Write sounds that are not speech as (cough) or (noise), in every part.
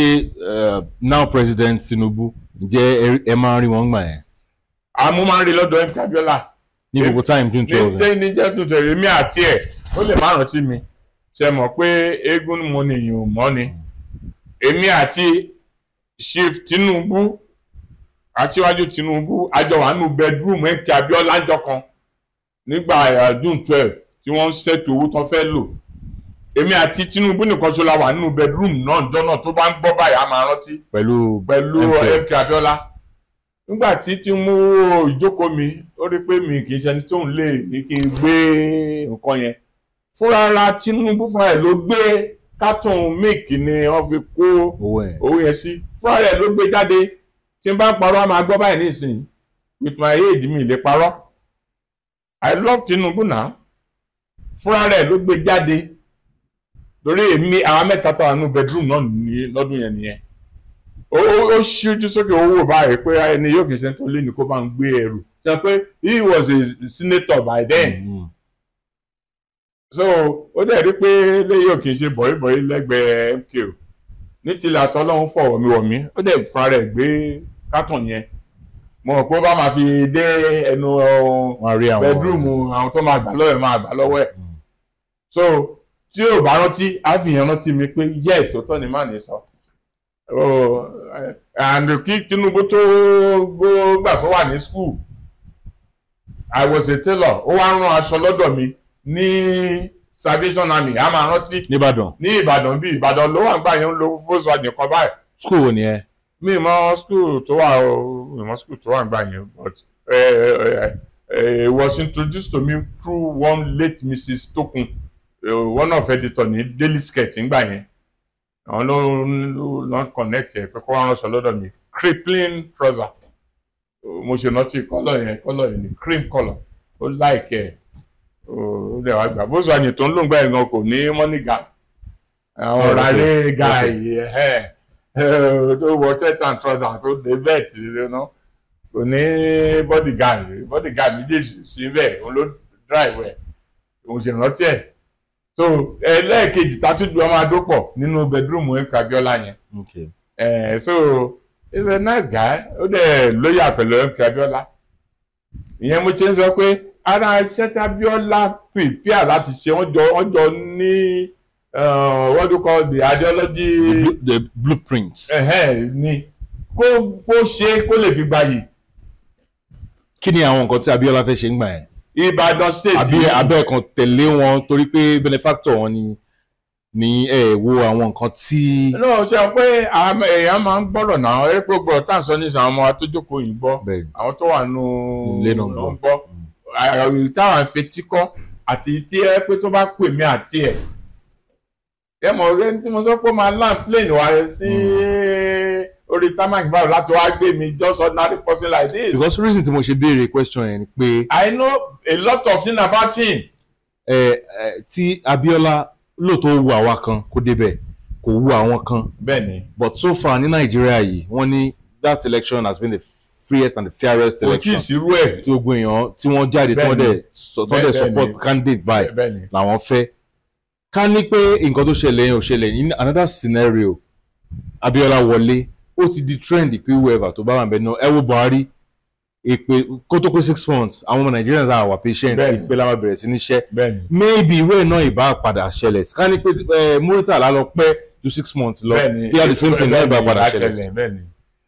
ṣé eh, now president Tinubu ǹjẹ́ ẹ máa rí wọn gbà yẹn. àmọ́ máa ń rí lọ́dọ̀ mk Abiola. ní gbogbo time June twelve. ní ní jẹ́ June twelve èmi àti ẹ̀ ó lè má rántí mi ṣe mọ̀ pé eégún mo nìyí ò mọ́ ni èmi àti chief Tinubu aṣíwájú Tinubu àjọwánú bedroom mk Abiola jọ kan nígbà eh, June twelve tí wọ́n ń ṣètò owó tó fẹ́ lò èmi àti Tinubu nìkan ṣo la wà nínú bedroom náà jọ́nà tó bá ń gbọ́ báyìí a máa rántí. pẹ̀lú pẹ̀lú MK Abiola nígbà tí Tinubu ìjókòó mi ó rí pé mi kì í ṣe ẹni tóun lè ní kí n gbé nǹkan yẹn fúnra Tinubu fúnra ẹ̀ ló gbé carton milk ni wọ́n fi kó owó yẹn sí fúnra ẹ̀ ló gbé jáde tí n bá ń parọ́ a máa gbọ́ báyìí nísìnyí with my age mi lè parọ́ I love Tinubu náà fúnra rẹ̀ ló gbé jáde lórí èmi àwọn mẹ́ta tó wà nínú bedroom náà ní lọ́dún yẹn nìyẹn ó ó ṣíjú sókè owó báyìí pé ẹni yóò kì í ṣe tó lé ní kó bá ń gbé ẹrù ṣe pé he was a senator by then mm-hmm. so ó dẹ̀ rí pé lẹ́yìn òkè ṣe bọ̀yìbọ̀yì lẹ́gbẹ̀ẹ́ MKO ní tilẹ̀ àtọ́lọ́hún fọ̀ wọ̀míwọ̀mí ó dẹ̀ fara rẹ̀ gbé kátàn yẹn mo rò pé ó bá máa fi dé ẹnu bedroom àwọn tó máa gbà lọ́wọ́ ẹ̀ máa gbà lọ́wọ́ ẹ̀ mm. so tí ò bá rántí á fi yẹn rántí mi pé yes òótọ́ ni má ní sọ and kí Tinubu tó gbà tó wà ní school I was a tailor ó wá rán aṣọ lọ́dọ̀ mi ní Salvation Army a máa rántí ní Ìbàdàn ní Ìbàdàn bíi Ìbàdàn ló wà gbà yẹn ń lo Volkswagen kan báyìí. school wo ni ẹ. mi mọ school tó wà o mi mọ school tó wà gbà yẹn but uh, uh, uh, was introduced to me through one late Mrs. Tokun. Eh, one of editor ní daily sketch ńgbà yẹn àwọn ló ló connect ẹ pé kó wá ránṣọ lọ́dọ̀ mi crippling trouser mo ṣe not kọ́lọ̀ yẹn Color yẹn cream color. ó like ẹ̀ ó lè wá gbà bó sọ àyè tó ń lò ń gbà yẹn gan kò ní money guy àwọn ọ̀rẹ́ guy ẹ̀ eh, eh, (laughs) tó wọ tẹ́tà trouser tó dé You lónà kò ní bodyguard bodyguard méjèèjì sí bẹ́ẹ̀ òun ló drive ẹ̀ òun ṣe rántí ẹ̀ so ẹlẹ́ẹ̀kejì tátúndù ọmọ adópọ̀ nínú bẹdúrúmù ẹ̀ka abiola yẹn so he's a nice guy ó dẹ̀ lóyà pẹ̀lú ẹ̀ka abiola ìyẹn mo ṣe ń sọ pé ara iṣẹ́ tábíọ́lá prepare láti ṣe wọ́n jọ wọ́n jọ ní what do you call the ideology the blueprint ni kó kó ṣe kó lè fi gbayì. kí ni àwọn nǹkan tí abiola fẹ́ ṣe ń gbà yẹn. Ìbàdàn state. àbí abẹ́ kan tẹ̀lé wọn torí pé benefactor wọn ni ni ẹ wo àwọn nǹkan tí. náà ṣe pé èèyàn máa ń gbọ́dọ̀ náà erékò gbọ́dọ̀ tá à ń sọ ní sàn àwọn atójókòó yìí gbọ́ àwọn tó wà nù ilé náà ń gbọ́ àwọn táwọn fetí kọ́ àti tí ẹ pé tó bá pè mí àti ẹ̀ ẹ mọ̀ ọ́ tí mo sọ pé ó máa land plane wá sí. Mm orí tarmac báwo láti wá gbé mi just ordinary person like this. because reason tí mo ṣe béèrè question yẹn ni pé. I know a lot of things about him. ẹ ẹ tí Abiola lóòótọ́ wu àwa kan kó débẹ̀ kò wu àwọn kan. bẹ́ẹ̀ni. but so far ní Nàìjíríà yìí wọ́n ní that election has been the freest and the fairest election. kò tí ì sírú ẹ̀. tí gbogbo èèyàn tí wọ́n jáde tí wọ́n dẹ̀ tí wọ́n dẹ̀ support candidate by làwọn fẹ́. ká ní pé nǹkan tó ṣẹlẹ̀ yẹn ò ṣẹlẹ̀ in another scenario Abiola wọlé ó ti di trend pé whoever tó bá wà bẹ́ẹ̀ náà ẹ wo Buhari èpè kó tó pé six months àwọn ọmọ Nigerians are our patient ìpè la máa bẹ̀rẹ̀ sí ní ṣẹ́ maybe ìwé náà ìbá padà ṣẹlẹ̀ ká ní pé Muritala lọ pẹ́ ju six months lọ bí i the same thing náà ìbá padà ṣẹlẹ̀.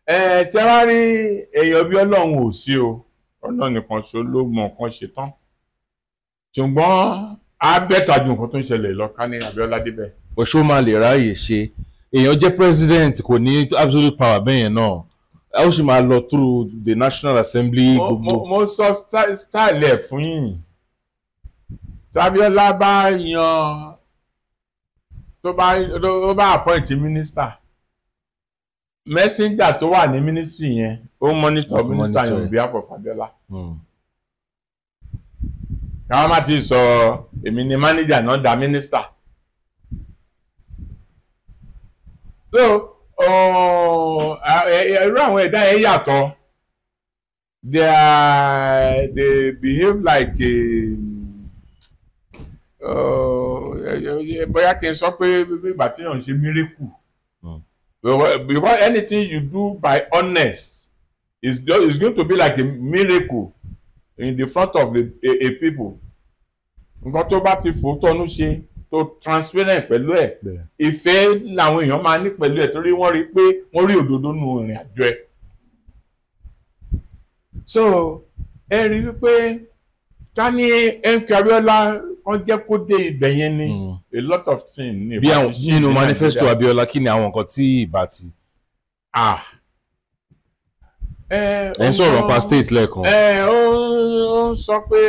ẹ tí a bá rí èèyàn bí Ọlọ́run ò sí o ọ̀nà nìkan ṣo ló mọ nǹkan ṣe tán ṣùgbọ́n abẹ́tàdùn nǹkan tó ń ṣẹlẹ̀ lọ ká ní Abíọ́lá débẹ̀. òṣó máa lè ráàyè ṣe èèyàn jẹ́ president kò ní absolute power bẹ́ẹ̀ yẹn náà ó sì máa lọ through the national assembly gbogbo. mo sọ style ẹ̀ fún yìnyín tábíọ́lá bá yan tó bá tó bá appoint minister messenger tó wà ní ministry yẹn ó monitor minister yẹn on behalf of abiola. Mm káwọn má ti sọ èmi ni manager náà da minister so oh, uh, eh, irú àwọn ẹ̀dá yẹn yàtọ̀ they are they behave like a oh, bóyá kí n sọ pé ìgbà tí yàn ń ṣe miracle hmm. Before anything you do by honest is is going to be like a miracle in the front of the a, a people nǹkan tó bá ti fòótọ́ nu ṣe tó transparent pẹ̀lú ẹ̀ ìfẹ́ làwọn èèyàn máa ní pẹ̀lú ẹ̀ torí wọ́n rí pé wọ́n rí òdodo nù ìrìn àjò ẹ̀. so ẹ rí i wípé ká ní MK Abiola kan jẹ́ kó dé ibẹ̀ yẹn ni hmm. a lot of things ní ìbáṣe ní nínú manifesto Abiola kí ni àwọn nǹkan tí ìbá ti. ah ẹ ń sọ̀rọ̀ pa state lẹ́ẹ̀kan. ẹ ó ń sọ pé.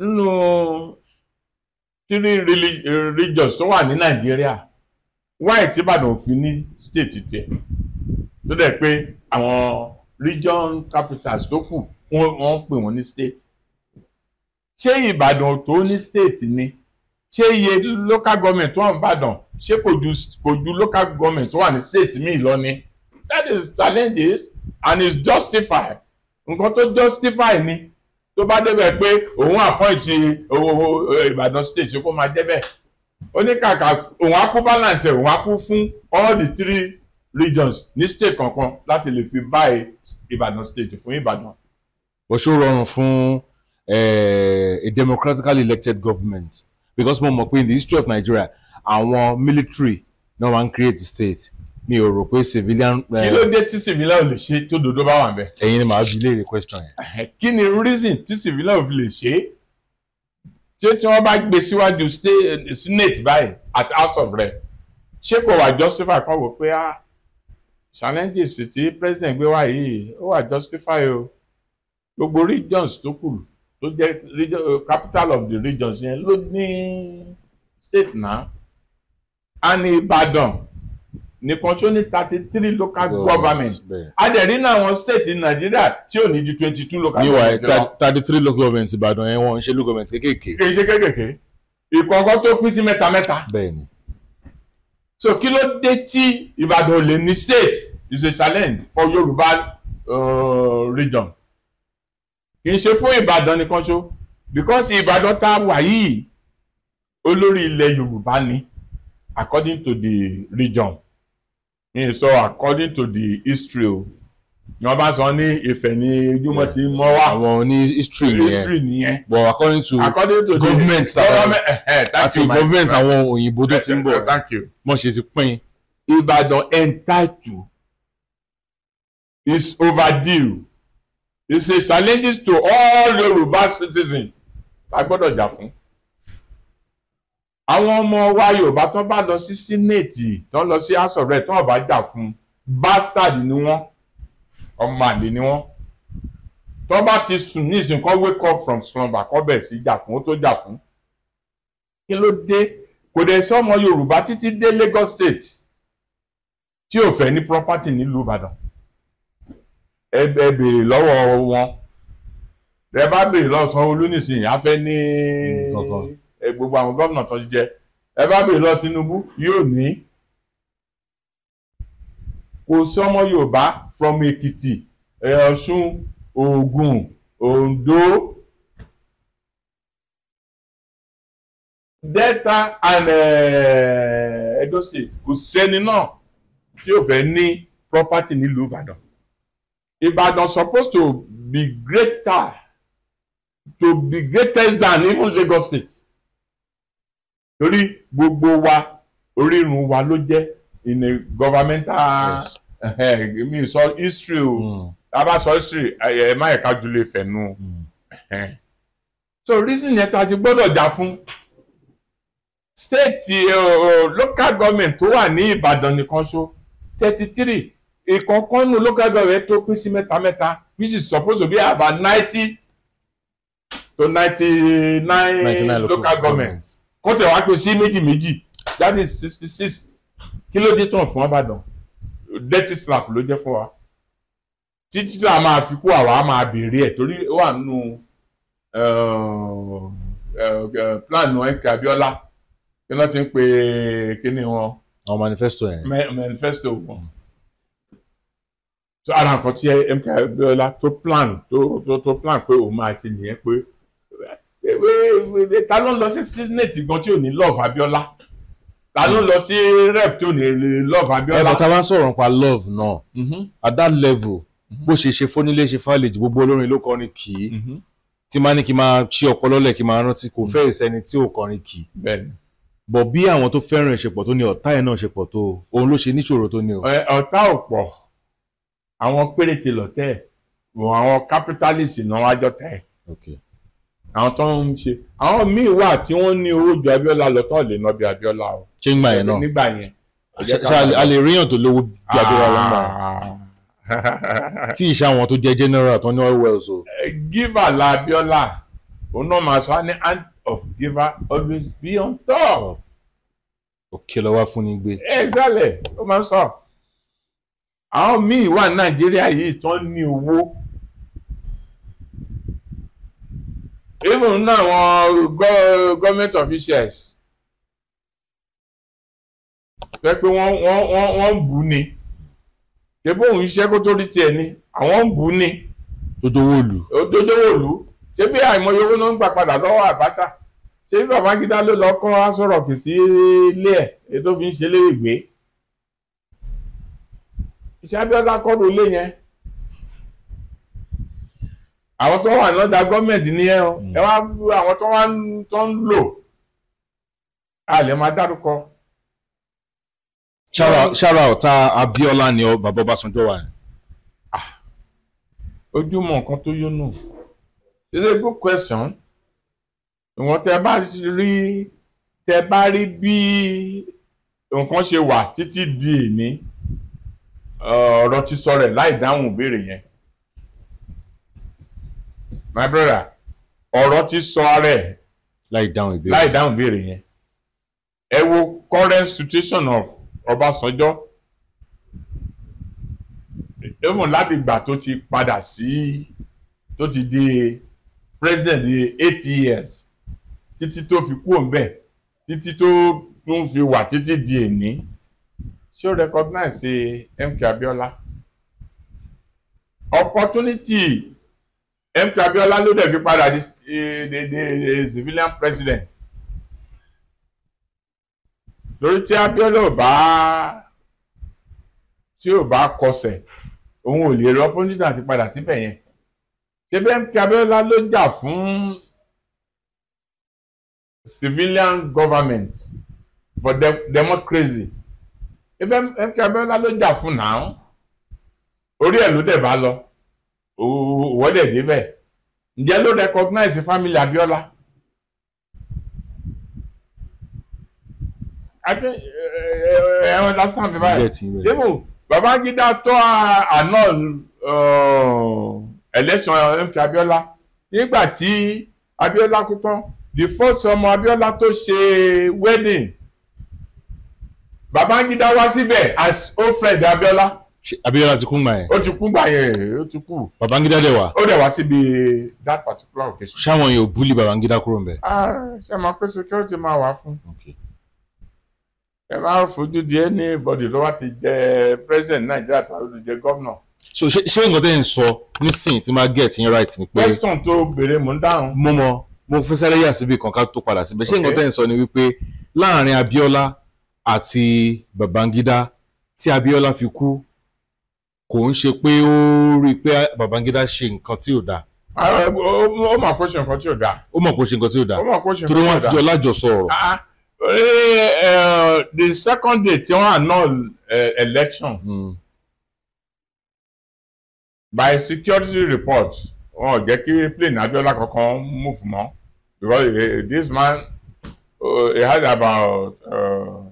nínú three eh, religions tó wà ní nàìjíríà why tí ìbàdàn fi ní state tiẹ̀ tó dẹ̀ pé àwọn region capitals tó kù wọ́n pè wọ́n ní state ṣé ìbàdàn tó ní state ni ṣé iye local government tó wà ní ìbàdàn ṣé kò ju local government tó wà ní state míì lọ ni that is challenges and is justified nǹkan tó justify ni tó bá débẹ̀ pé òun appoint Ìbàdàn state kó máa débẹ̀ oníkàkà òun á kú balance òun á kú fún all the three regions ní state kankan láti lè fi báyìí Ìbàdàn state fún Ìbàdàn. Òṣó rọrùn fún eh, a democratically elected government because mo mọ̀ pé in the history of Nigeria àwọn military náà wá ń create state mi ò rò pé civilian. Eh, kí ló dé tí civilian ò lè ṣe tó dodo bá wà ń bẹ. ẹ̀yin ni màá bi léèrè question yẹn. kí ni reason tí civilian ò fi lè ṣe ṣé tí wọ́n bá gbé síwájú eh, senate báyìí àti house of rep ṣé kò wà justify kan wò pé ah challenges tí president gbé wá yìí ó wà justify o gbogbo regions tó kù tó jẹ́ eh, capital of the regions yẹn ló ní state náà a ní Ìbàdàn nìkan tó ní thirty three local oh, government adẹ̀rí náà àwọn state in nàìjíríà tí ò ní ju twenty two local Meanwhile, government lọ. thirty three local government ìbàdàn ẹ̀ wọ́n ń local government kéékèèké. kì í ṣe kéékèèké ìkọ̀ọ̀kan tó pín sí mẹ́ta mẹ́ta. bẹ́ẹ̀ni. so kí ló dé tí ìbàdàn ò lè ní state is a challenge for yorùbá uh, region kì í ṣe fún ìbàdàn nìkan ṣo because ìbàdàn tá a wà yìí olórí ilẹ̀ yorùbá ni according to the region ní sọ according to the history o ni wọn bá sọ ní ìfẹ́ ní júmọ tí mọ wá àwọn ní history nìyẹn history nìyẹn but according to according to government eh, eh, àti government àwọn òyìnbó tó ti ń bọ̀ mọ̀ eh, ṣe ti pín. Ìbàdàn entitled is overdue it's a challenge to all Yorùbá citizens I gbọ́dọ̀ jà fún àwọn ọmọ wa yorùbá tán bá lọ sí sínéètì tán lọ sí house of rep tán bá jà fún un bastard ni wọ́n ọmọ àlè ni wọ́n tán bá ti sùn ní ìsìn kan wake up from slumber kọ́ bẹ̀ sí jà fún ó tó jà fún kí ló dé kò dẹ̀ sí ọmọ yorùbá títí dé Lagos state tí ò fẹ́ ní property nílùú ìbàdàn ẹ béèrè lọ́wọ́ wọn ẹ bá béèrè lọ́wọ́ sanwó-olú nísìnyí á fẹ́ ní. nǹkan gbogbo àwọn gómìnà tó ń jẹ ẹ bá bèèrè lọ Tinubu yóò ní kò sí ọmọ Yorùbá from Èkìtì Ọ̀ṣun Ogun Ondo Delta and Edo State kò sẹ́ni náà tí yóò fẹ́ ní property nílùú Ìbàdàn Ìbàdàn supposed to be greater to be greatest than even Lagos State torí gbogbo wa orírun wa ló jẹ́ in a governmental yes. uh, mi sọ history o hmm. a bá sọ history ẹ má ẹ̀ka jù lè fẹ̀nu hmm. eh, so reason yẹn ta ti gbọ́dọ̀ jà fún state uh, local government tó wà ní Ìbàdàn nìkan ṣo thirty three ìkọ̀ọ̀kan nù local government tó pín sí mẹ́ta mẹ́ta which is supposed to be about ninety to ninety nine local governments kó tẹ̀ wá pé sí méjì méjì that is sixty six kí ló dé tán fún Ìbàdàn dirty slap ló jẹ́ fún wa títí tá a máa fi kú àwa a máa béèrè ẹ̀ torí wà nínú eh, eh, eh, plan ẹ̀ka Abíọ́lá kí wọ́n ti ń pe kíní wọn. àwọn manifesto yẹn. manifesto wọn. so ara nǹkan tí ẹ̀ka Abíọ́lá tó plan tó tó plan pé òun máa ṣe nìyẹn pé ta ló ń lọ sí senate gan tí ò ní love Abiola ta ló ń lọ sí rep tí ò ní love Abiola. ẹ bàtà wá sọ̀rọ̀ nípa love náà mhm. at that level bó ṣe ṣe fónílé ṣe fàlejò gbogbo olórin ló kọrin kì í mhm. tí máa ní kí máa ṣí ọpọlọ lẹ kí máa rántí kò fẹ́ ìsẹ́ni tí ò kọrin kì í bọ̀ bí àwọn tó fẹ́ràn ìṣepọ̀ tó ní ọ̀tá ẹ̀ náà ṣepọ̀ tó òun ló ṣe níṣòro tó ní o. ọ̀tá ọ̀pọ̀ àwọn péréte lọ̀tẹ̀ àwọn capitalist náà wájọ́ tẹ̀ àwọn tó ń ṣe àwọn míì wà tí wọ́n ní owó ju Abíọ́lá lọ tó lè nọ bí Abíọ́lá o. ṣé ngbà yẹn náà nígbà yẹn. a lè ríyàn tó lówó ju Abíọ́lá lọ mọ́ ah. (laughs) tí ìṣe àwọn tó jẹ general tó ní oil wells o. giver la Abíọ́lá òun náà máa sọ ní hand of giver always be on top. òkè lọ wá fún ni gbé. ẹ ṣálẹ̀ ó máa ń sọ àwọn míì wà Nàìjíríà yìí tó ń ní owó. even náà wọn uh, government officials fẹ́ pé wọ́n wọ́n wọ́n ń bù ni ṣebí òun iṣẹ́ kó tó rí tiẹ̀ ni àwọn ń bù ni. dodowolu. dodowolu ṣé bí àìmọye owó náà ń gbà padà lọ́wọ́ Abacha ṣé bí Babangida ló lọ kọ́ Aṣọ Rock sí ilé ẹ̀ èyí fi ń ṣe léwègbé. iṣẹ́ Abíọ́lá kọ́ ló lé yẹn àwọn tó wà lọ́dà gọ́ọ̀mẹ̀ntì ní ẹ̀hún hmm. ẹ wá àwọn tó wá tó ń lò a lè máa dárúkọ. ṣára ọ̀tá Abiola ni ọ bàbá Ọbásanjọ́ wà. Ah. ojúmọ́ nǹkan tó yónú this is a good question ìwọ̀n tẹ bá rí tẹ bá rí bí nǹkan ṣe wà títí di èní ọ̀rọ̀ ti sọ rẹ̀ láì dáhùn ìbéèrè yẹn my brother ọ̀rọ̀ ti sọ ara ẹ̀ láì dáhùn ìbéèrè láì dáhùn ìbéèrè yẹn ẹ wo current situation of Ọbásanjọ́ even ládìgbà tó ti padà sí tó ti di president di eight years títí tó fi kú òǹbẹ títí tó tún fi wà títí di èní ṣé o recognize eh, MK Abiola opportunity mk abiola ló dẹ̀ fi padà di civilian president lórí tí abiola ò bá tí ò bá kọsẹ̀ òun ò lè rọ pọ́njútà àti padà síbẹ̀ yẹn ṣebí mk abiola ló jà fún civilian government for de democracy ṣebí mk abiola ló jà fún náà orí ẹ̀ ló dẹ̀ bá lọ wọ́n dẹ̀ débẹ̀ ǹjẹ́ ló recognize family Abiola àti ẹ̀wọ̀n lásán mi báyìí débò Babangida tó uh, àná uh, election uh, MK Abiola nígbà tí Abiola kú tán the first ọmọ Abiola tó ṣe wedding Babangida wá síbẹ̀ as old friend Abiola. Abiola ti kún gbà yẹn. ó ti kún gbà yẹn ó ti kú. Babangida dẹ̀ wá. ó dẹ̀ wá síbi that particular occasion. ṣáwọn yóò búlì Babangida kúrò ń bẹ̀. Ah, ṣe máa pé security máa wà fún. ẹ máa fojú di anybody ló wá ti jẹ president Nàìjíríà tàbí ló jẹ governor. so ṣé ṣé nǹkan tẹ́ ń sọ nísìnyí tí máa get in right ni pé. question tó béèrè mò ń dáhùn. mo mọ mo fẹ́ sáré yà síbi kan ká tó padà síbẹ̀ ṣé nǹkan tẹ́ ń sọ ni wípé láàrin Abiola àti Babangida tí Abiola fi kú kò ń ṣe pé ó rí i pé Babangida ṣe nǹkan tí ò dáa ah, ó mọ̀ pé ṣe nǹkan tí ò dáa. ó mọ̀ pé ṣe nǹkan tí ò dáa. ó mọ̀ pé ṣe nǹkan tí ò dáa. torí wọ́n ti jọ lájọsọ ọ̀rọ̀. Ah, ah. eh, eh, the second day tí wọ́n annul eh, election hmm. by security report wọn ò jẹ́ kí plane Abiola kankan move mọ́ because uh, this man uh, he had about ó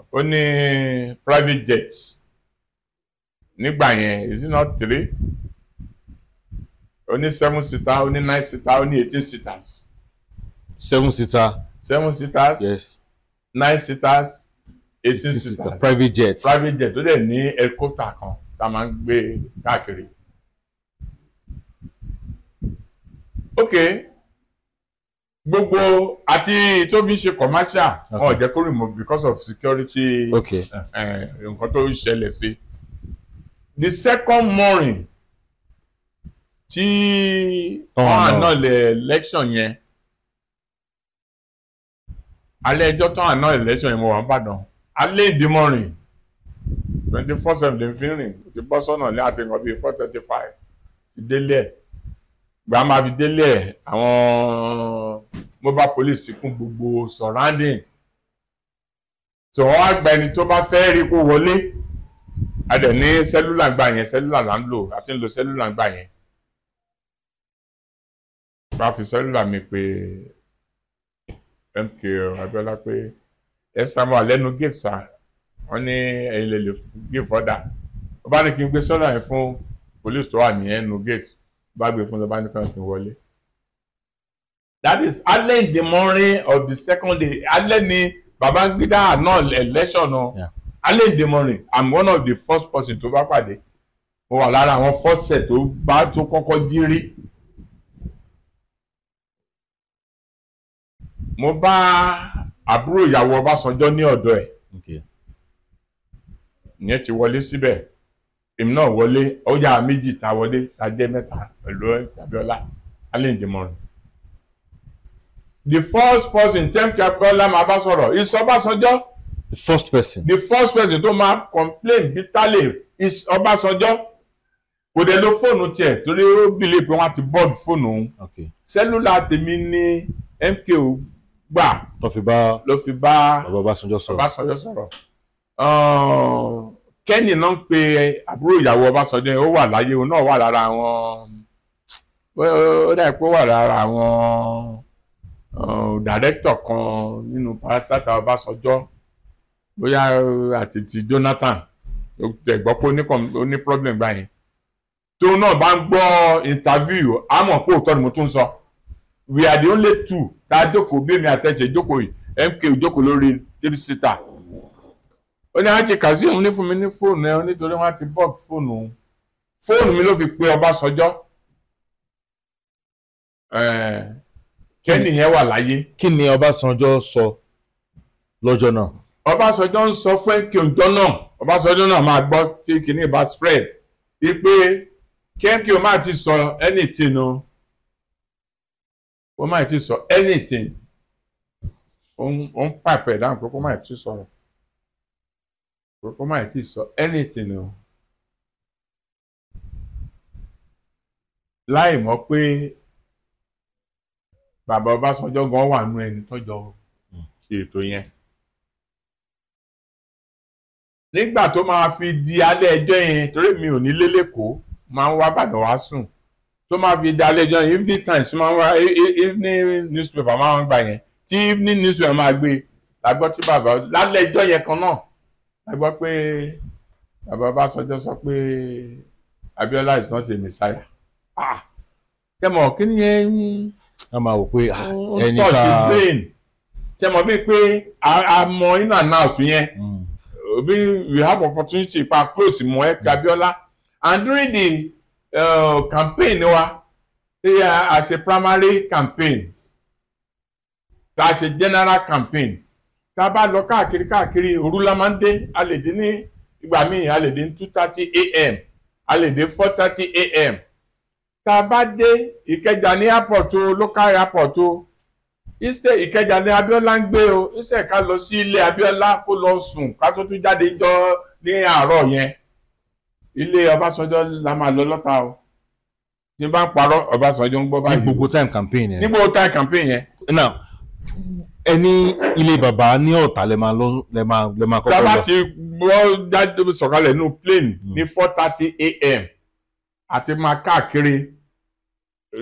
uh, ní uh, private jets nígbà yẹn is it not three ó seven seater ó nine seater ó eighteen seaters. seven seater. seven seaters. yes. nine seaters. eighteen seaters. private jets. private jets tó dẹ̀ ní ẹ̀kọ́tà kan tá a máa ń gbé káàkiri. ok gbogbo àti tó fi ń ṣe commercial wọn ò jẹ́ kó rìn mọ́ because of security eh, nǹkan tó ń ṣẹlẹ̀ sí i the second morning tí wọ́n àná lẹ̀ election yẹn alẹ́ ẹjọ́ tán àná election yẹn mo wà ń bàdàn alẹ́ ìdí morning twenty four seven lèmi fi ń rìn ti bọ́ sọ́nà ní àti nǹkan bíi four thirty five ti délé ẹ̀ gbà máa fi délé ẹ̀ àwọn mobile police ti kún gbogbo surrounding tí wọ́n á gba ẹni tó bá fẹ́ rí kó wọlé a dẹ̀ ní sẹ́lúlà gbà yẹn sẹ́lúlà là ń lò a ti ń lo sẹ́lúlà gbà yẹn bá fi sẹ́lúlà mi pé MKO Abiola pé ẹ sàmú àlẹ́nu gate sa wọ́n ní ẹ̀yin lè lè gé fọ́dà ó bá ní kí n gbé sẹ́lúlà yẹn fún police tó wà ní ẹnu gate bá gbé fún lọ ní kí wọlé that is alẹ́ in the morning of the second day alẹ́ ni Babangida náà election náà. Yeah alẹ́ ìdèmọ̀rìn i'm one of the first person tó bá pàdé mo wà lára àwọn fọ́sẹ̀ tó bá tó kọ́kọ́ jí rí mo bá àbúrò ìyàwó Ọbásanjọ́ ní ọ̀dọ̀ ẹ̀ ìyẹn ti wọlé síbẹ̀ èmi náà wọlé ó yà á méjì ta wọlé ta jẹ́ mẹ́ta pẹ̀lú Abíọ́lá alẹ́ ìdèmọ̀rìn the first person tẹ́ǹkì Abíọ́lá máa bá sọ̀rọ̀ ìsọ Ọbásanjọ́ the first person. the first person tó máa complain bitterly is Ọbásanjọ́ kò dé lo fóònù tiẹ̀ torí ó bìlẹ̀ pé wọ́n ti board fóònù òun sẹ́lúlà tèmi ní MKO gbà ló fi bá ló fi bá Ọbásanjọ́ sọ̀rọ̀ Ọbásanjọ́ sọ̀rọ̀ kẹ́ni náà ń pe àbúrò ìyàwó Ọbásanjọ́ yẹn ó wà láyé òun náà wà lára àwọn ó dà pé ó wà lára àwọn dàrẹ́tọ̀ kan nínú parasita Ọbásanjọ́ bóyá uh, àti ti Jonathan tẹ̀gbọ́ pé ó ní problem báyìí tóun náà bá ń gbọ́ interview àmọ́ pé òótọ́ ni mo tún sọ we are the only two tá a jókòó bí èmi àtẹ̀jẹ̀ jókòó yìí MK jókòó lórí three seater ó ní àjẹ Kazeem ní fún mi ní fóònù ẹ nítorí wọn ti bọ́ọ̀g fóònù òun fóònù mi ló fi pe Ọbásanjọ́ kẹ́nìyẹn wà láyé. kí ni Ọbásanjọ́ sọ lọ́jọ́ náà. Ọbásanjọ́ ń sọ fún ẹ̀kí òjò náà Ọbásanjọ́ náà máa gbọ́ tí kìíní bá spread wípé kẹ́ńkì ó máa ti sọ anything o ó máa ti sọ anything ó ń pàpẹ́ dáhùn pé kó máa ti sọ̀rọ̀ pé kó máa ti sọ anything o láì mọ̀ pé bàbá Ọbásanjọ́ gan wà nú ẹni tọ́jọ́ ṣètò yẹn nígbà tó máa fi di alẹ́ ẹjọ́ yẹn torí mi ò ní lélẹ́kọ̀ọ́ máa ń wá bàdàn wá sùn tó máa fi di alẹ́ ẹjọ́ yẹn evening times máa ń wá e-, e-, evening newspaper máa ń gbà yẹn tí evening newspaper máa gbé la gbọ́ tí bàbá lálẹ́ ẹjọ́ yẹn kan náà la gbọ́ pé bàbá Ọbásanjọ́ sọ pé Abiola is not a messiah ah kẹmọ kí ni yẹn ń a máa wò pé ah, ẹni ká ń tọ́sí brain bíi pé a mọ in and out yẹn. Mm. Obi, we have opportunity pa close mo ẹ hmm. Abiola and during the uh, campaign wa ṣe uh, as a primary campaign ta as a general campaign ta bá lọ káàkiri káàkiri òru a lè dé ní ìgbà míì a lè dé ní two thirty a.m. a lè dé four thirty a.m. ta bá dé Ìkẹjà ní airport o local airport o ìṣe ìkẹjà ni Abíọ́lá ń gbé o ìṣe ká lọ sí ilé Abíọ́lá kó lọ sùn ká tó tún jáde jọ ní àárọ̀ yẹn ilé Ọbásanjọ́ la máa lọ lọ́ta o tí n bá ń parọ́ Ọbásanjọ́ ń gbọ́ báyìí. ní gbogbo time campaign yẹn. ní gbogbo time campaign yẹn. now ẹni ilé bàbá ní Ọ̀tà lè máa lọ lè máa lè máa kọ́kọ́ lọ. tábà ti gbọ́ sọ̀kalẹ̀ nínú plane ní four thirty a.m. àti máa káàkiri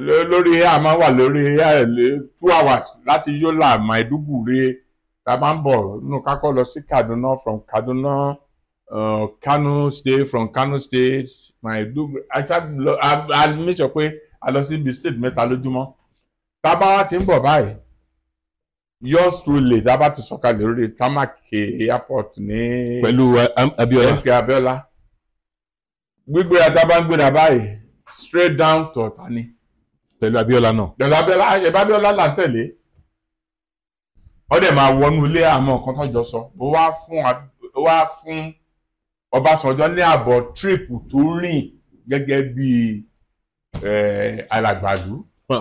lórí air máa wà lórí air lé two hours láti Yola Maiduguri ta máa ń bọ̀ nínú kákọ́ lọ sí Kaduna from Kaduna uh, Kano state from Kano state Maiduguri a make sure pé a lọ sí ibi state mẹ́ta lójúmọ́ tá a bá wá ti ń bọ̀ báyìí yours truly tá a bá ti sọ̀kalẹ̀ lórí tamaki airport ní. pẹ̀lú uh, Abiola mk Abiola gbígbéra tá a bá ń gbéra báyìí straight down to Ọ̀tà ni pẹ̀lú Abíọ́lá náà. pẹ̀lú Abíọ́lá ẹ̀bá Abíọ́lá là ń tẹ̀lé ọ̀dẹ̀ máa wọnú ilé àmọ́ nǹkan tó jọ sọ ó wá fún wá fún Ọbásanjọ́ ní àbọ̀ tírípù tó rìn gẹ́gẹ́ bí alàgbàlú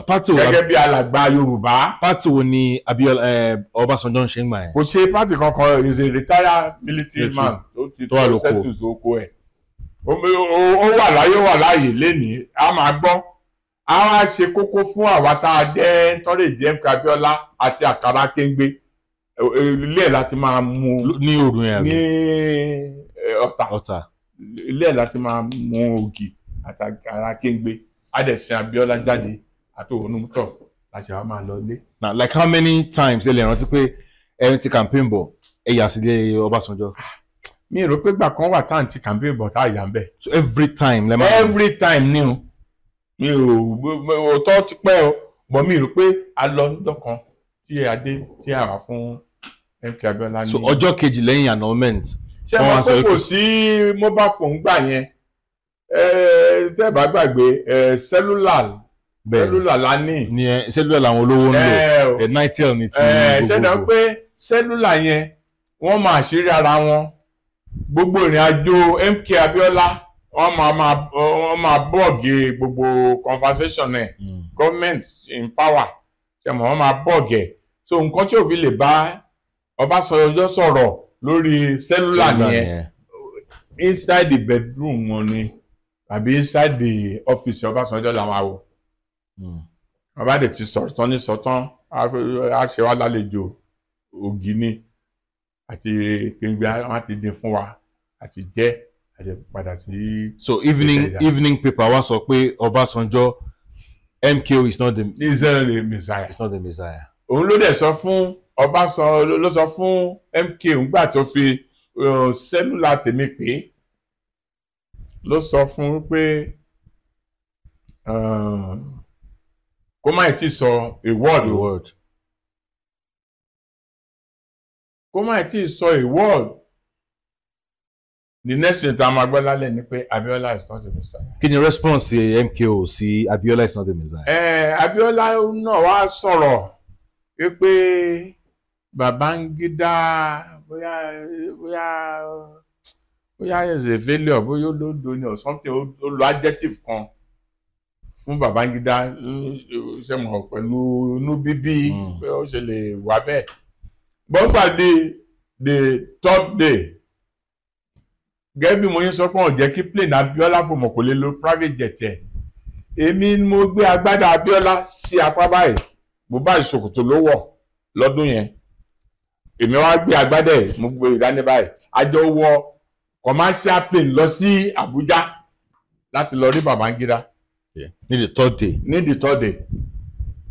pati wo gẹ́gẹ́ bí alàgbà Yorùbá. pati wo ni Abíọ́lá Ọbásanjọ́ ń ṣe ń gbà yẹn. kò ṣe pati kankan is a retired military man tó ti tó settle oko ẹ̀ ó wà láyé wà láàyè lénìí a máa gbọ́ á wá ṣe kókó fún àwa tá a dẹ́ tọ́lẹ̀ jẹ́ Abíọ́lá àti àkàrà kéńgbé ilé láti máa mú ní òru yẹn ní ọ̀tà ilé láti máa mú ògì àti àkàrà kéńgbé adẹ̀sìn Abíọ́lá jáde àti òwònútọ̀ láti wá máa lọ ilé. na like how many times ẹ lè rántí pé ẹ ti campaign bọ̀ ẹ yà sílé Ọbásanjọ́ ah, mi rò pé gbà kan wà tá à ń ti campaign bọ̀ tá à yà ń bẹ̀. so every time every time ni o mi ò òótọ́ ti pẹ́ o bọ̀ mi rò pé a lọ lọ́kàn tí a dé tí a wà fún MK Abiola ní. so ọjọ́ kejì lẹ́yìn annulment. ṣé wọn pé kò sí mobile phone gbà yẹn tẹ́ ẹ bá gbàgbé sẹ́lúlà sẹ́lúlà la ní. ni ẹ sẹ́lúlà làwọn olówó ń lò ẹ nitel ni ti gbogbo. ṣé dáa pé sẹ́lúlà yẹn wọ́n máa ṣeré ara wọn gbogbo ìrìn àjò MK Abiola wọ́n máa máa wọ́n máa bọ́ọ̀gì gbogbo conversation ẹ̀ hmm. government in power ṣe mọ̀ wọ́n máa bọ́ọ̀gì ẹ̀ so nǹkan tí òfin lè bá Ọbásanjọ́ sọ̀rọ̀ lórí cellular nìyẹn inside the bedroom wọn ni tàbí inside the office Ọbásanjọ́ làwọn àwọ̀ ọba dẹ̀ ti sọ̀rọ̀ tán ní sọ̀tán á ṣe wá lálejò ògì ni àti kéńgbé wọn ti dín fún wa àti jẹ́ ẹjẹ padà sí. so evening evening paper wa sọ pé Ọbásanjọ́ MKO is not the. is not the messiah. is not the messiah. òun ló dẹ̀ sọ fún Ọbásanjọ́ ló sọ fún MKO ńgbà tó fi sẹ́lúlà tèmi pé ló sọ fún pé uh, kó má ti sọ a word. A word. kó má ti sọ a word the next thing tá a máa gbọ́ lálẹ́ ni pé Abiola is not the messiah. kí ni response MKO sí si Abiola is not the messiah. ẹ eh, Abiola náà wá sọ̀rọ̀ pé Babangida bóyá bóyá bóyá is a failure bóyá olódo ni or something ó adjective kan fún Babangida ṣẹ̀mọ̀ pẹ̀lú inú bíbí hmm. pé ó ṣe lè wà bẹ́ẹ̀. bọ́sà di the third day gẹ́gẹ́ bí mo yín sọ pé wọ́n jẹ́ kí plane Abiola fòmọ̀kò lè lo private jet ẹ̀ èmi mo gbé agbádá Abiola sí apá báyìí mo bá ìṣòkòtò ló wọ̀ lọ́dún yẹn èmi wá gbé agbádá ẹ̀ mo gbé ìdáni e báyìí àjọ wọ commercial plane lọ sí Abuja láti lọ rí Babangida. Yeah. ní the third day. ní the third day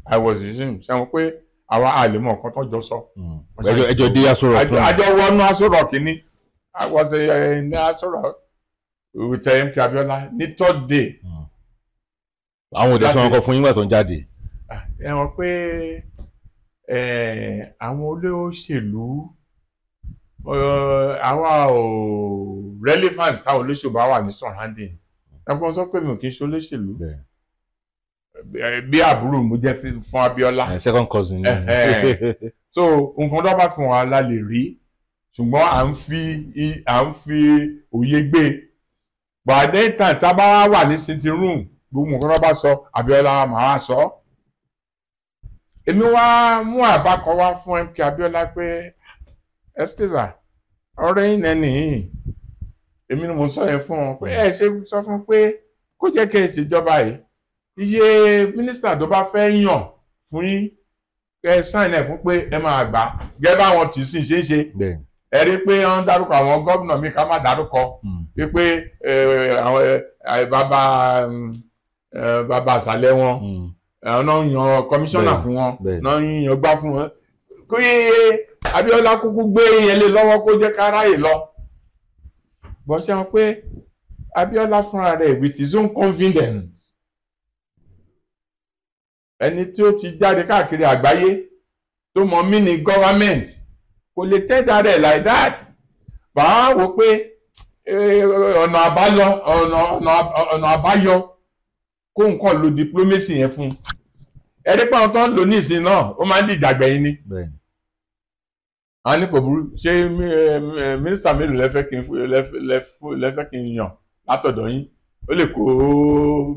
I was in, him ṣe wọn pé àwa àlèmọ̀ kan tó jọ sọ. ẹjọ ẹjọ dé aṣọ rọ àjọ wọnú aṣọ rọ kìíní. I was uh, in Asoro with M. Um, Kabiola ní third day. Hmm. Àwọn òde sọ̀rọ̀ kan fún yín wà tó ń jáde. Ah, ẹ wọ́n pé àwọn olóṣèlú àwa ò relevant táwọn olóṣèlú bá wà ní surrounding. Ẹ fọ́n sọ pé mi ò kí ń ṣe olóṣèlú bí àbúrò mo jẹ́ fún Abíọ́lá. Second cousin. So nǹkan tó bá fún wa la lè rí ṣùgbọ́n à ń fi à ń fi òye gbé gbàdé ìtàn tábà wà ní sitting room gbogbo nǹkan tó bá sọ Abíọ́lá màá sọ èmi wá mú àbá kan wá fún MK Abíọ́lá pé ẹsítẹsà ọ̀rẹ́ yìí nẹni yìí èmi ni mo sọ yẹn fún wọn pé ẹ ṣe sọ fún pé kó jẹ́ kí ẹ ṣèjọba yìí iye mínísítà tó bá fẹ́ yàn fún yín ẹ sáìn ẹ fún pé ẹ máa gbà gẹ́gẹ́ báwọn tì í sì ṣe ẹ rí pé wọ́n ń dárúkọ àwọn gómìnà mi ká má dárúkọ hmm. wípé àwọn bàbá bàbá àṣàlẹ̀ wọn àwọn hmm. náà ń yan kọmíṣánná fún wọn náà ń yan gbá fún wọn kí Abíọ́lá kúkú gbé yẹn lé lọ́wọ́ kó jẹ́ ká ráyè lọ bọ́ ṣe wọn pé Abíọ́lá fúnra rẹ̀ with his own confidence ẹni tí ó ti jáde káàkiri àgbáyé tó mọ mí ní government kò lè tẹ́ta rẹ̀ like that bàá wò pé ọ̀nà àbáyọ ọ̀nà àbáyọ kó nǹkan lo diplomacy yẹn fún un ẹ̀rí pé àwọn tó ń lò ní ìsìn náà ó máa ń dìjà gbẹ̀yìn ni a ní kò burú ṣé mínísítà mélòó lẹ́fẹ́ kí lẹ́fẹ́ kí n yàn látọ̀dọ̀ yín ó lè kó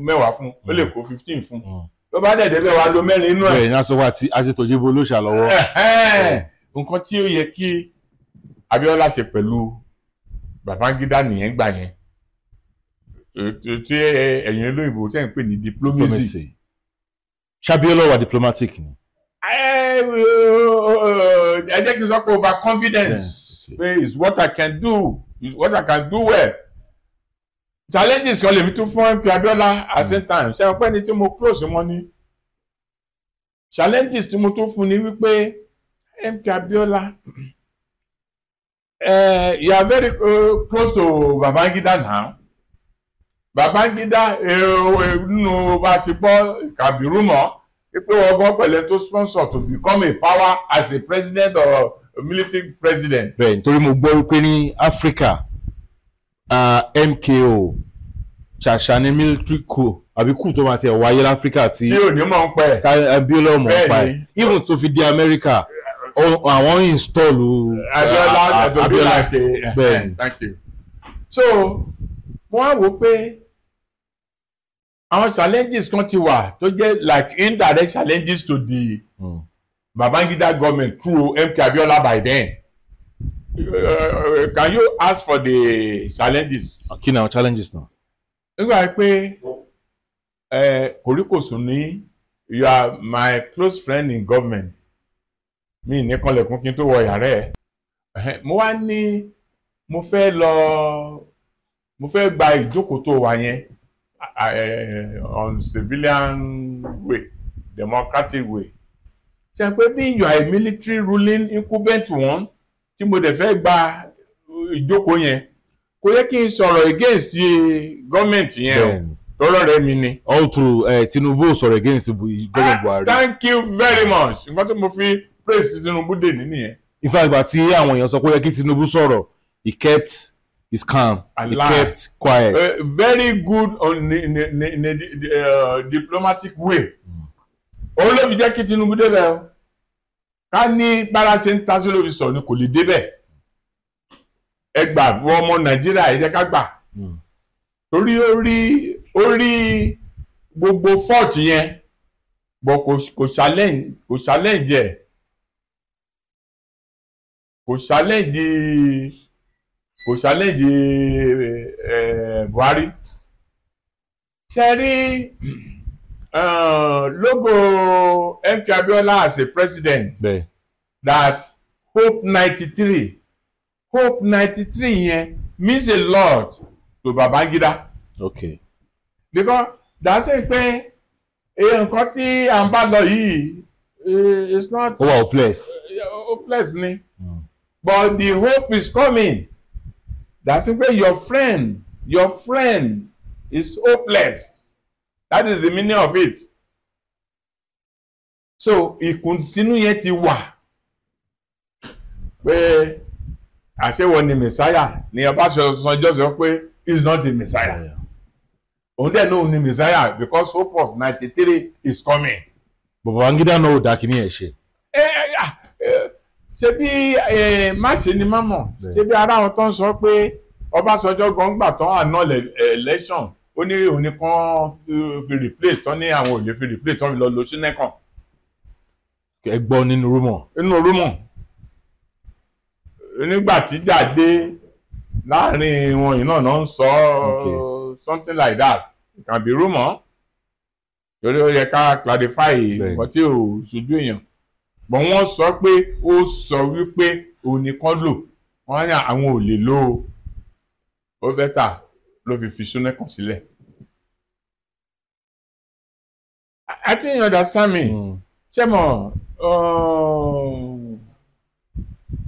mẹ́wàá fún ó lè hmm. kó fifteen fún hmm. tó bá dẹ̀ débẹ̀ wá lo mẹ́rin inú ẹ̀. bẹ́ẹ̀ ni aṣọ wa àti tòjú ibo ló ṣàlọ́wọ́ nǹkan tí ó yẹ kí Abíọ́lá ṣe pẹ̀lú Babangida nìyẹn gbà yẹn tí ẹ̀yin olóyìnbó tẹ̀ ń pè ní diplomacy. Ṣabíọ́lá wà diplomatic ni. ẹ jẹ́ kí n sọ pé over confidence is what I can do is what I can do well challenges kan lèmi tún fún MP Abíọ́lá at same mm. time ṣe ọpẹ́ ni tí mo close mọ́ ni challenges tí mo tún fún ni wípé. MK Abiola, uh, eh, you are very uh, close to Babangida now. Babangida eh, oh, eh, nínú bá ti gbọ́ Kàbírú mọ́ pé wọ́n gbọ́ pẹ̀lẹ́ tó sponsor to become a power as a president or a military president. Bẹ́ẹ̀ nítorí mo gbọ́ wípé ní Áfíríkà uh, ah, MKO ṣàṣà military coup àbí kù tó máa tiẹ̀ wáyé láfíríkà tí tí ò ní mọ̀ ń pẹ́ tí Abiola mọ̀ ń pẹ́ even tó fi di Amẹ́ríkà. Oh, àwọn install uh, Abiola Abiola ke bẹ́ẹ̀ni thank you. so mo wá wò pé àwọn challenges kan ti wà tó jẹ́ like indirect challenges to the mm. Babangida government through MK Abiola by then uh, can you ask for the challenges. kí ni àwọn challenges náà. nígbà pé uh, kòríkòsùn ní you are my close friend in government mi ní kanlẹ̀kùn kí n tó wọ yàrá ẹ̀ mo wá ní mo fẹ́ lọ mo fẹ́ gba ìjókòó tó wà yẹn on civilian way democratic way ṣe pé bí you are a military ruling incumbent one tí mo dẹ̀ fẹ́ gba ìjókòó yẹn kò yẹ kí n sọ̀rọ̀ against gọ́ọ̀mẹ̀ntì yẹn o tọ́lọ́ rẹ̀ mi ni. all through Tinubu sọ̀rọ̀ against gbogbo Buhari. Ah, thank you very much nǹkan tó mo fi praise Tinubu dè ní nìyẹn. in fact ìgbà tí àwọn èèyàn sọ pé ó yẹ kí Tinubu sọ̀rọ̀ he kept his calm he kept quiet. Uh, very good on uh, in, in, in a uh, diplomatic way. òun ló fi jẹ́ kí Tinubu débẹ̀ o ká ní bára ṣe ń tasí lórí sọ ni kò lè débẹ̀ ẹ gbà ọmọ Nàìjíríà ẹ jẹ́ ká gbà hmm. torí ó rí ó rí gbogbo fọ́ọ̀tì yẹn bọ̀ kò challenge kò challenge ẹ̀ kò ṣàlẹ́ǹdì kò ṣàlẹ́ǹdì eh, eh, Buhari ṣe rí eh, logo MK Abiola as a president Bẹ́ẹ̀. that hope ninety three hope ninety three yẹn means a lot to Babangida. Okay. because dàsí pé nǹkan tí à ń bá lọ yìí it's not. ó wà hopeless. hopeless ni. Mm but the hope is coming that simply your friend your friend is hopeless that is the meaning of it so ìkùnsínú yẹn ti wà pé àṣewọ ni messiah ni ọba sọsọ jọsọ pé he is not the messiah òun dẹ̀ náà ni messiah because hope of ninety three is coming. Babangida náà ò dá kínní ẹ̀ ṣe. ẹ eh, eh, ṣe bí máṣe ni má mọ̀ ṣe bí ara wọn tó ń sọ pé Ọbásanjọ́ gan gbà tán àná election ó ní òun ni kàn fi replace tán ní àwọn ò lè fi replace tán fi lọ lo sinecon. ẹ gbọ́ nínú rúmọ̀. nínú rúmọ̀ nígbà tí jáde láàrin wọn yìí náà ń sọ something like that it can be rumour torí ó yẹ ká clarify nǹkan tí ò ṣojú èèyàn bọ̀ wọ́n sọ pé ó sọ wípé òun nìkan lò wọ́n ní àwọn ò lè lò ó ó bẹ́tà ló fi fi Ṣónẹ́kàn sílẹ̀. I think you understand me hmm. ṣé mo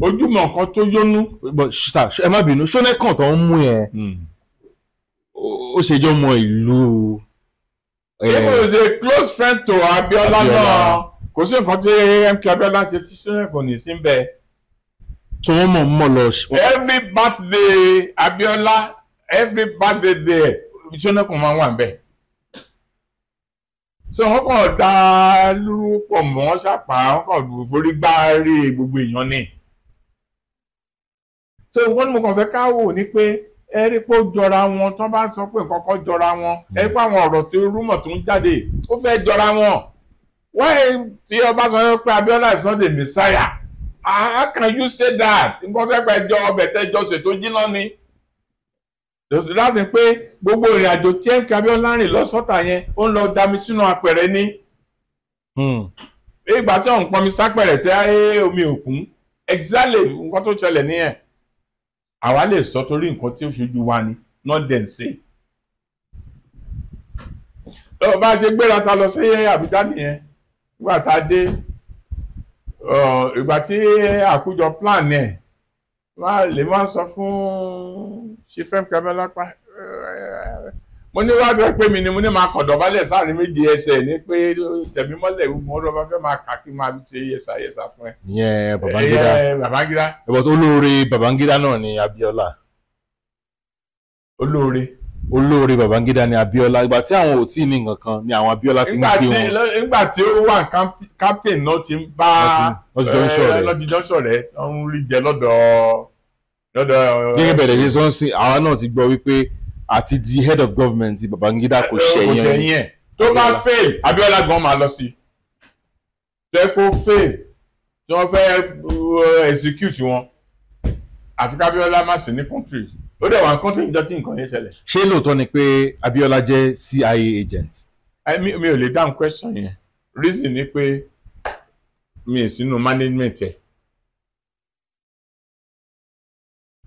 ojúmọ́ nǹkan tó yónú. ẹ má bínú Ṣónẹ́kàn tó ń mú yẹn hmm. ó ṣèjọ́ mọ ìlú. he was a close friend to Abiola náà kò sí nǹkan tí mk abiola ṣe tí sílẹ̀ kò ní sí bẹ́ẹ̀. tí wọ́n mọ̀ mọ̀ lọ. every birthday abiola every birthday there sílẹ̀ kò máa wà ń bẹ̀. so wọ́n kàn dá lórúkọ mọ́ ṣàpá wọ́n kàn forí gbáre gbogbo èèyàn ni. so wọ́n ní mo kàn fẹ́ káwò ni pé ẹ rí pé ó jọra wọn tó bá sọ pé nǹkan jọra wọn ẹ rí pé àwọn ọ̀rọ̀ tó rúmọ̀ tó ń jáde ó fẹ́ jọra wọn why tí Ọbásanjọ́ pé Abiola is not the messiah ah how can you say that nǹkan fẹ́pẹ́ jọ ọbẹ̀ tẹ́jọ ṣètò jiná ni láti pé gbogbo ìrìn àjò tí MK Abiola rìn lọ sọ́tà yẹn ó ń lọ dami sínú apẹ̀rẹ̀ ni hmm. ìgbà tí òun pọnmi sápẹ̀rẹ̀ tẹ́ ayé omi òkun exactly nǹkan tó ṣẹlẹ̀ nìyẹn àwa lè sọ torí nǹkan tí ó ṣojú wa ni not dem say lọ́wọ́ bá ṣe gbéra ta lọ sí Àbújá nìyẹn nígbà tá a dé ìgbà tí àkójọ plan ẹ̀ wọ́n lè máa sọ fún ṣífẹ́m kẹmẹ́lápá mo ní wáá fẹ́ pé mi ni mo ní máa kọ̀ dọ̀bálẹ̀ sáàrin méje ẹsẹ̀ ní pé tẹ̀mí mọ́lẹ̀ ìwúmọ́ ọdún ọba fẹ́ máa kà kí máa ṣe yẹsà yẹsà fún ẹ. ìyẹn Babangida Babangida. ẹ̀bọ̀ tó olóore Babangida náà ni Abíọ́lá. olóore olóore Babangida ni Abiola ìgbà tí àwọn ò tí ì ní nǹkan kan ni àwọn Abiola ti ń gbé wọn. nígbà tí ó wà captain náà ti ń bá lọ́tijọ́sọ̀ eh, rẹ̀ ń rí jẹ lọ́dọ̀ lọ́dọ̀. Eh, gẹ́gẹ́ bẹ̀rẹ̀ yé sọ́n sí àwa náà ti gbọ́ wípé àti di head of government Babangida kò eh, ṣẹ̀yìn ẹ̀. tó bá fail Abiola gan máa lọ sí i tẹ́ kó fail tí wọ́n fẹ́ execute wọn àfi kábíọ́lá má sí ní country ó dẹ̀ wà nǹkan tó ń jọ tí nǹkan yẹn ṣẹlẹ̀. ṣé lóòótọ́ ni pé Abiola jẹ́ CIA agent. mi mi ò lè dáhùn question yẹn reason ni pé mi ì sínú management yẹn.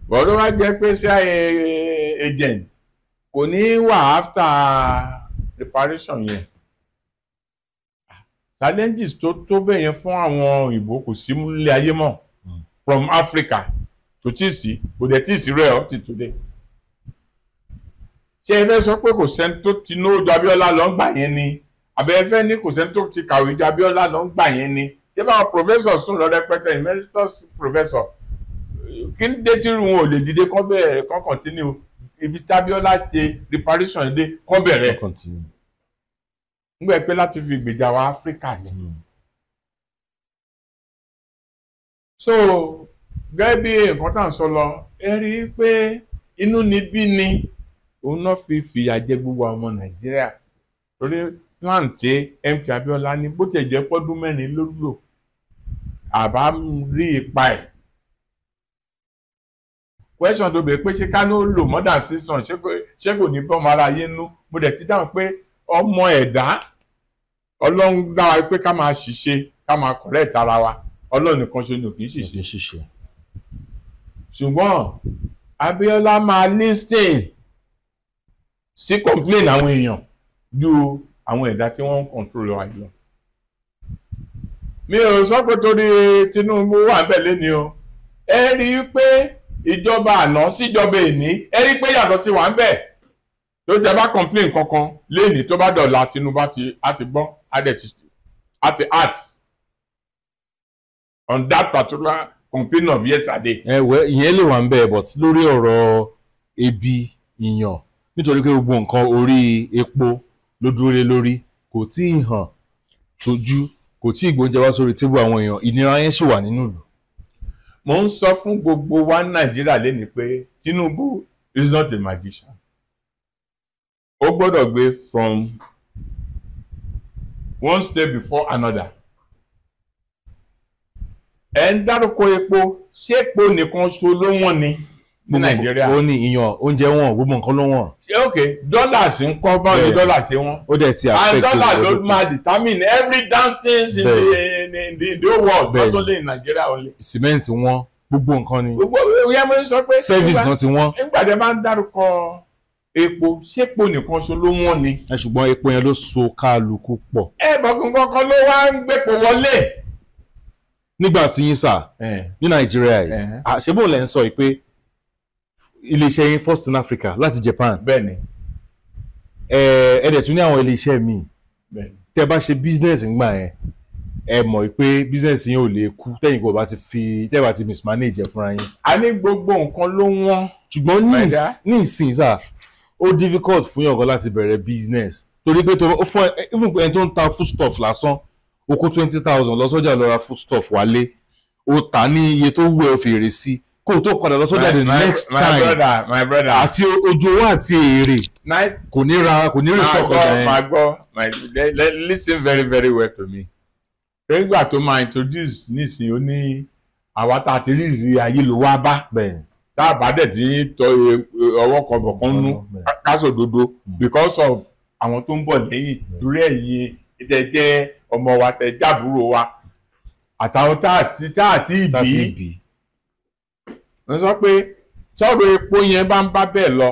bọ́dọ̀ wá jẹ́ pé CIA agent kò ní wà after preparation yẹn challenges tó tó bẹ́ẹ̀ yẹn fún àwọn òyìnbó kò sí múlẹ̀ ayé mọ́ hmm. from Africa. Mm To tí ì sí kò dẹ̀ tí ì rẹ̀ up to today. ṣé ẹ fẹ́ sọ pé kò sẹ́ni tó ti ní ojú Abíọ́lá lọ ń gbà yẹn ni àbẹ̀ ẹ fẹ́ ní kò sẹ́ni tó ti kàwé ju Abíọ́lá lọ gbà yẹn ni ṣé báwọn professor sùn lọ rẹpẹtẹ emeritus professor kí ní dé tí irun wọn ò lè dìde kán bẹ̀rẹ̀ kán continue ibi tábíọ́lá ṣe reparation dé kán bẹ̀rẹ̀ nígbà pé láti fi gbèjà wa Áfíríkà ni. so gẹ́gẹ́ bí nǹkan tá à ń sọ lọ ẹ rí i pé inú ni bí ni òun náà fi fìyà jẹ gbogbo ọmọ nàìjíríà torí plan tí mk abiola ní bó tẹ̀ jẹ́ pọ́dún mẹ́rin ló lò àbá rí ipa ẹ̀ question tó bèèrè pé ṣé kánú lò more than six months ṣé kò ní bọ́mọ ara yé nú mo dẹ̀ ti dáhùn pé ọmọ ẹ̀dá ọlọ́run dá wa pé ká máa ṣiṣẹ́ ká máa correct ara wa ọlọ́run nìkan ṣe ni ò kì ṣùgbọ́n Abíọ́lá máa listen sí complain àwọn èèyàn ju àwọn ẹ̀dá tí wọ́n ń control wa lọ. mi ò sọ pé torí Tinubu wà bẹ́ẹ̀ lẹ́ni o ẹ rí i pé ìjọba àná síjọba èní ẹ rí i pé yàtọ̀ ti wà ń bẹ̀ tó tẹ bá complain kankan lẹ́ni tó bá dọ̀la Tinubu àti gbọ́ àti act on that particular complain of yesterday. ẹ wẹ ìyẹn lè wà ń bẹ but lórí ọ̀rọ̀ ebi ìyàn nítorí pé gbogbo nǹkan orí epo ló dúró lé lórí kò tí ì hàn tójú kò tí ì gbóúnjẹ wá sórí tébù àwọn èèyàn ìnira yẹn sì wà nínú ìlú. mo ń sọ fún gbogbo wa nàìjíríà lẹ́nu pé Tinubu is not a magician ó gbọ́dọ̀ gbé from one step before another ẹ ń dárúkọ epo ṣé epo nìkan so ló wọ́n ni ní nàìjíríà. ó ní ìyàn oúnjẹ wọn gbogbo nǹkan ló wọ́n. ok dollars ń kọ́ báwo ni dollars ṣe wọ́n. ó dẹ̀ ti affect and dollar ló máa determine every damn thing in the in the in the whole world not only in Nigeria only. cement wọn gbogbo nǹkan ni. gbogbo ìyá mi sọ pé. service náà ti wọ́n. nígbà tí a máa ń dárúkọ epo ṣépo nìkan ṣo ló wọ́n ni. ẹ ṣùgbọ́n epo yẹn ló so kálukú pọ̀. ẹ bọ̀gùn kankan ló wá ń gbépo wọlé nígbà tí yín sà eh. ní nàìjíríà yìí àṣebó eh. ah, lẹ ń sọ pé iléeṣẹ́ yín first in africa láti japan bẹ́ẹ̀ni eh, ẹ̀ẹ́dẹ̀ tún ní àwọn iléeṣẹ́ mi. tẹ́ bá ṣe business ńgbà yẹn ẹ mọ̀ pé business yín ò lè kú tẹ́yìn kò bá ti fi tẹ́ bá ti mismanage ẹ̀ fúnra yín. a ní gbogbo nǹkan ló wọ́n. ṣùgbọ́n ní ìsìn sà ó difficult fún yàn kan láti bẹ̀rẹ̀ business torí pé tó fún ẹ even ẹni tó ń ta foodstuff lásán o kó twenty thousand lọ sọ́jà lọ ra foodstuff wálé o tà ní iye tó wù ẹ́ o fèrè sí kó o tó padà lọ sọ́jà the next my time brother, my brother. àti ojú owó àti èrè kò ní ra kò ní rí tọkọ yẹn. máa gbọ́ máa gbọ́ listen very very well to me. nígbà tó máa introduce nísìnyí ó ní àwa tá a ti rí ìrírí ayé ló wá bá tá a bá dẹ̀ ti tọ e, ọwọ́ kan nú kásòdodo hmm. because of àwọn tó ń bọ̀ lẹ́yìn torí ẹ̀yin ìdẹ̀dẹ̀ ọmọ wa tẹ jábúrò wa àtàwọn tá àti tá àti ìbí wọ́n sọ pé tọ́rọ epo yẹn bá ń bá bẹ́ẹ̀ lọ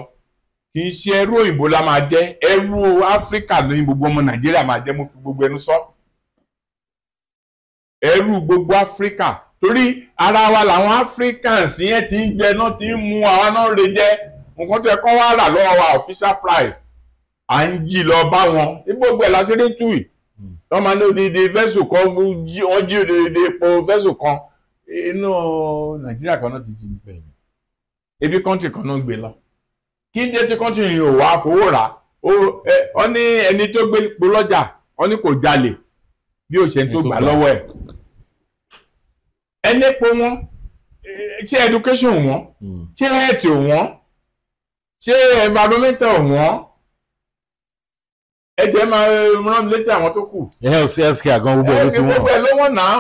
kì í ṣe ẹrú òyìnbó la máa jẹ́ ẹrú áfíríkà ní gbogbo ọmọ nàìjíríà máa jẹ́ mo fi gbogbo ẹnu sọ ẹrú gbogbo áfíríkà torí ara wa làwọn africans yẹn ti ń jẹ náà ti ń mu àwa náà rè jẹ nǹkan tó yẹ kó wá rà lọ́wọ́ wa official price à ń jì lọ bá wọn ní gbogbo ẹ̀ láti rí tùyì wọ́n máa ní odidi vẹ́sù kan wọ́n jí odidi epo vẹ́sù kan inú nàìjíríà kan náà ti jí bẹ́ẹ̀ ebi kọ́ńtì kan náà gbé lọ kí ndé tí kọ́ńtì yìí ò wá fowó rà ó ní ẹni tó gbé epo lọ́jà ó ní kò jalè bí ó ṣe ń tó gbà lọ́wọ́ ẹ̀ ẹni epo wọn ṣé education wọn ṣé health wọn ṣé environmental wọn ẹ jẹ́ máa rán létí àwọn tó kù. health gan gbogbo ẹ̀ ló ti wọ́n. gbogbo ẹ̀ ló wọ́n náà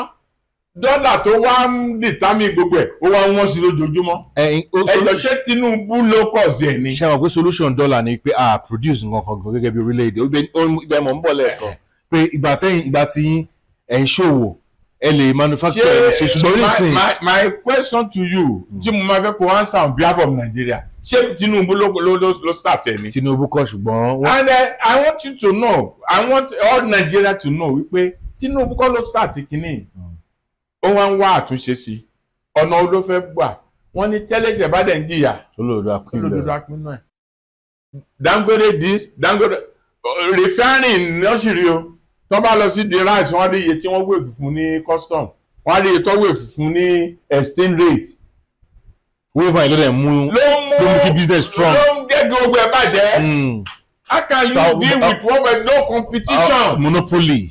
dọ́là tó wá ń dìtámì gbogbo ẹ̀ ó wá wọ́n sí lójoojúmọ́. ẹ̀jọ̀ ṣé Tinubu ló kọ̀ sí ẹ̀ ni. ṣé àwọn pé solution dọ́là ni pé a produce nǹkan kan gẹ́gẹ́ bí orílẹ̀-èdè ìgbà mọ̀ ń bọ̀ lẹ́ẹ̀kan pé ìgbà tẹ́yìn ìgbà tí ẹ̀ ń ṣòwò ẹ lè manufacture ẹ̀ ṣe ṣùgbọ́n nísìnyí. my my question to you tí mo máa fẹ́ kó answer on behalf of Nigeria ṣé Tinubu ló ló ló ni. Tinubu kọ́ ṣùgbọ́n. and uh, I want you to know I want all Nigeria to know wípé Tinubu kọ́ ló start kínní ó wá ń wá àtúnṣe sí ọ̀nà ló fẹ́ gbà wọ́n ní tẹ́lẹ̀ṣẹ̀ bá dẹ̀ ń jìyà olódodo apínú ẹ̀. Dangote dis Dangote refining náà sì rí o tó bá lọ sí the rice wọ́n á rí iye tí wọ́n wé fún ní custom wọ́n á rí iye tó wé fún ní exchange rate waiver ló dẹ̀ mú ló mú kí business strong. ló ń gé gbogbo ẹ̀ bàjẹ́. Hmm. how can you so, deal uh, with one with no competition. Uh, monopoly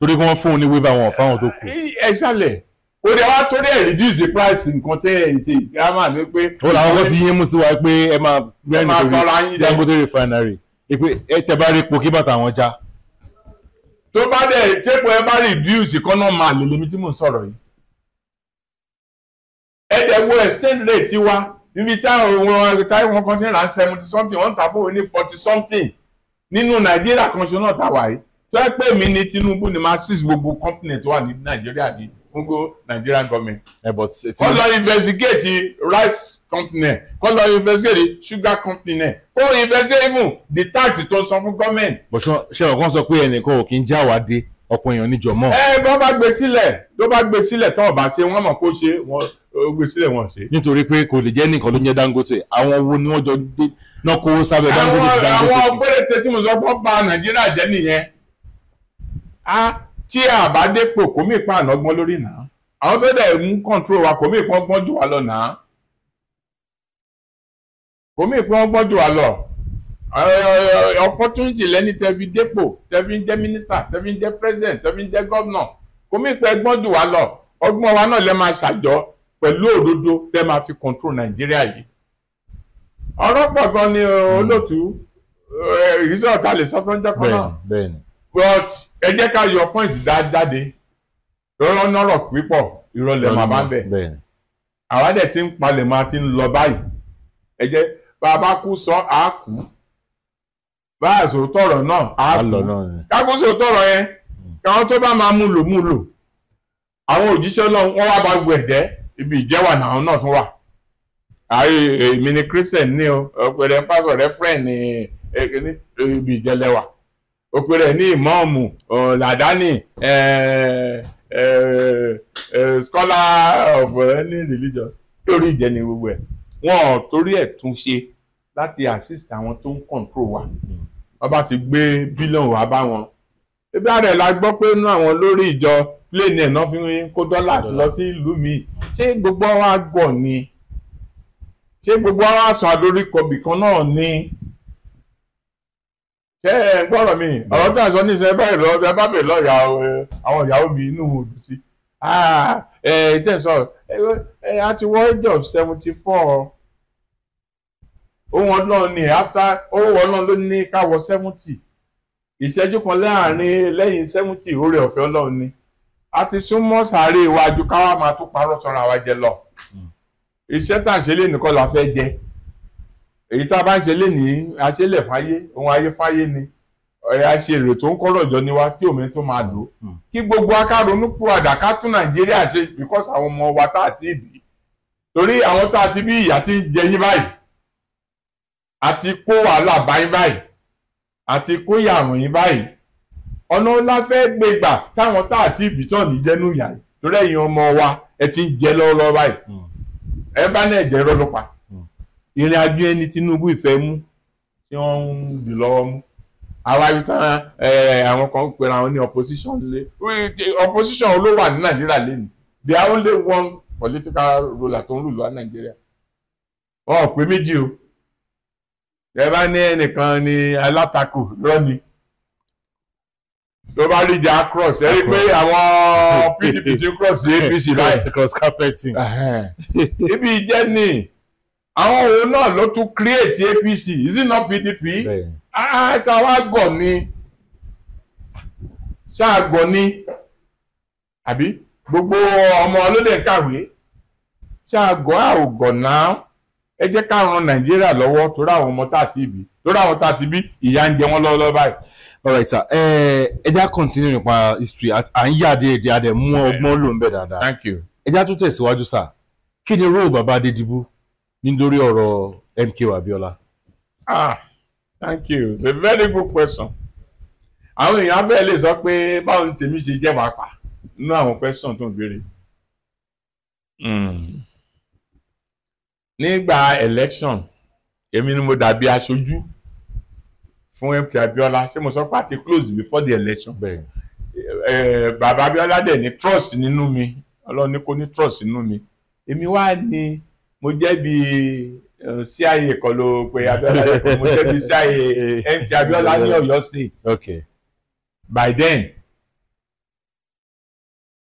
torí kí wọ́n fún un ní waiver wọn fáwọn tó kù. ẹ ṣàlẹ̀ o de wa torí ẹ reduce the price nǹkan tẹ ẹ ti gírámà ni pé. o làwọn kan ti yín mú sí wa pé ẹ máa gbẹ́ nítorí Dangote refinery ẹ tẹ bá rí epo kí bàtà wọn já. tó bá dẹ̀ tẹ́pọ̀ ẹ bá reduce kọ́nà máa lè lèmi tí mò ń sọ̀rọ̀ yìí ẹ̀dẹ̀ wo exchange rate tiwa níbi táwọn táwọn kan ti ń ra seventy something wọ́n ń ta fóun ní forty something nínú nàìjíríà kan ṣe náà ta wà yìí tó ẹ pé mi ní tinubu ni máa six gbogbo company tó wà ní nàìjíríà ní fúngó nigerian government. kó lọ investigate rice company kó lọ investigate sugar company kó investigate even the tax tó san fún government. bọ̀sán ṣé ọ̀kan sọ pé ẹnìkan ò kí ń já wa dé ọ̀pọ̀ èèyàn níjọ mọ́. ẹ bá bá gbé sílẹ̀ tó bá gbé sílẹ̀ tán ọ̀bà ṣe wọ́n mọ̀ kó ṣe wọ́n gbé sílẹ̀ wọ́n ṣe. nítorí pé kò lè jẹ́ nìkan ló ń jẹ́ Dangote àwọn wo ni wọ́n jọ dé náà kó sábẹ́ Dangote ti Dangote. àwọn péréte tí mo sọ pé ba Nàìjíríà jẹ́ nìyẹn a tí a bá dépò kò mí pa ànágbọ́n lórí náà àwọn tó dẹ̀ mú kọ́ńtró wa kò mí pọ́n gbọ́n jù wá lọ náà kò mí pọ́n gbọ́n jù wá lọ opportunity lẹ́ni tẹ́ fi dépò tẹ́ fi jẹ́ minister tẹ́ fi jẹ́ president tẹ́ fi jẹ́ governor kò mí pé ẹgbọ́n dùn wá lọ ọgbọ́n wa náà lẹ́ máa ṣàjọ pẹ̀lú òdodo tẹ́ máa fi control nàìjíríà yìí ọ̀rọ̀ pọ̀ gan ni hmm. olóòtú result a lè sọ tó ń jẹ́ kọ́ náà but ẹ jẹ́ ká yọ point dáadáde lọ́rọ́ nọ́rọ̀ pípọ̀ ìrọ̀lẹ́ máa bá ń bẹ̀ àwa dẹ̀ ti ń palẹ̀ máa ti ń lọ báyìí ẹ jẹ́ bàbá kú sọ àá kú báà sọ tọrọ náà á kú kákún sọ tọrọ yẹn káwọn tó bá máa mú lò mú lò àwọn òjíṣẹ́ náà wọ́n wá bá gbogbo ẹ̀jẹ́ ibi ìjẹ́wà náà náà tún wà. ààyè èmi ni christian ní o ọ̀pẹ̀rẹ̀ pásọ̀ rẹ friend ní e, ibi ìjẹ́lẹ̀wà ọ̀pẹ̀rẹ̀ ní ìmọ̀ọ̀mù làdáni scholar of eh, any religion torí ìjẹni gbogbo ẹ̀ wọ́n torí ẹ̀ tún ṣe láti assist àwọn tó ń control wa wọ́n bá ti gbé bílíọ̀nù wá bá wọn ebi ara ẹ̀ la gbọ́ pé inú àwọn lórí ìjọ plane ẹ̀ náà fi ń kó dọ́là lọ sí ìlú míì ṣé gbogbo wa gọ̀ ni ṣé gbogbo wa sọ àdóríkọ bìkan náà ni ṣé ẹ gbọ́rọ̀ mi ọ̀rọ̀ tí a sọ ní ìṣẹ́ bẹ́ẹ̀ lọ ẹ bá bẹ̀rẹ̀ lọ́ọ̀yà àwọn ìyàwó mi inú òdù sí ah, ẹ ẹ tẹ̀ sọ ẹ a ti wọ age of seventy four ohun ọlọ́run ni after ọwọ́ ọlọ́run ló ní káwọ seventy ìṣẹ́jú kan láàrin lẹ́yìn seventy oore ọ̀fẹ́ ọlọ́run ni a ti súnmọ́ sàárè iwájú káwá máa tún parọ́ sọ́ra wa jẹ lọ hmm. iṣẹ́ tá à ń ṣe lé nìkan la fẹ́ jẹ èyí tá a bá ń ṣe lé ní aṣẹ́lẹ̀ fáyé ohun ayé fáyé ni ọ̀rẹ́ aṣèrè tó ń kọ́rọ̀ jọ ni wá kí òmìn tó máa lò ó hmm. hmm. kí gbogbo akárònú pòwàdà ká tún nàìjíríà ṣe because àwọn ọmọ wa tá a ti bì torí àwọn tá a ti bí ìyà ti ń jẹ báyìí àti kó wàhálà báyìí báyìí àti kó yàrùn yín báyìí ọ̀nà ńlá fẹ́ gbégbà táwọn tá àti ìbítọ̀ ní dẹnu yà yìí torí ẹ̀yin ọmọ wa ẹ ti ń jẹ lọ́wọ́lọ́wọ́ báyìí hmm. ẹ bá náà jẹ rọ́lọ́pà hmm. ìrìn àjò ẹni Tinubu ìfẹ́ mú tí wọ́n ń dì lọ́wọ́ mú àwa ibi tán àwọn kan ń pera wọn ní opposition lé opposition ló wà ní Nàìjíríà lẹ́nu they only one political ruler tó ń lù lọ́wọ́ Nàìjíríà wọn ò pé méjì o ẹ bá ní ẹnìkan ní alátakò lọ́ni tó bá rí ìjà cross ẹ rí i pé àwọn PDP ti cross APC (laughs) báyìí cross carpeting ibi ìjẹ́ ni àwọn òun náà ló tún create APC is it not PDP ká wá gọ̀ ni ṣáà gọ̀ ni àbí gbogbo ọmọ ló lè kàwé ṣáà gọ̀ àwògọ̀ náà ẹ jẹ́ ká ran nàìjíríà lọ́wọ́ torí àwọn ọmọ tá a ti bí torí àwọn tá a ti bí ìyà ń jẹ wọ́n lọ́wọ́lọ́wọ́ báyìí. alright sir ẹ ẹ jẹ́ continue nípa history à ń yà dé èdè adẹ mú ọgbọ́n ló ń bẹ dáadáa thank you ẹ jẹ́ àtúntò ìsíwájú sir kí ni role bàbá adédìbú ní lórí ọ̀rọ̀ MKO Abiola. ah thank you it's a very good question àwọn èèyàn fẹ́ lè sọ pé báwo ni tèmi ṣe jẹ́ wàá pa nínú àwọn question tó ń béèrè. Hmm nígbà election èmi ni mo dàbí aṣojú fún mp abiola ṣé mo sọ pé àti close before the election bàbá abiola dẹ̀ ní trust nínú mi ọlọ́run ní kó ní trust nínú mi èmi wá ní mo jẹ́ bí CIA kan ló pe abiola lẹ́kọ̀ọ́ mo jẹ́ bí CIA mp abiola ní ọ̀yọ́ state okay. by then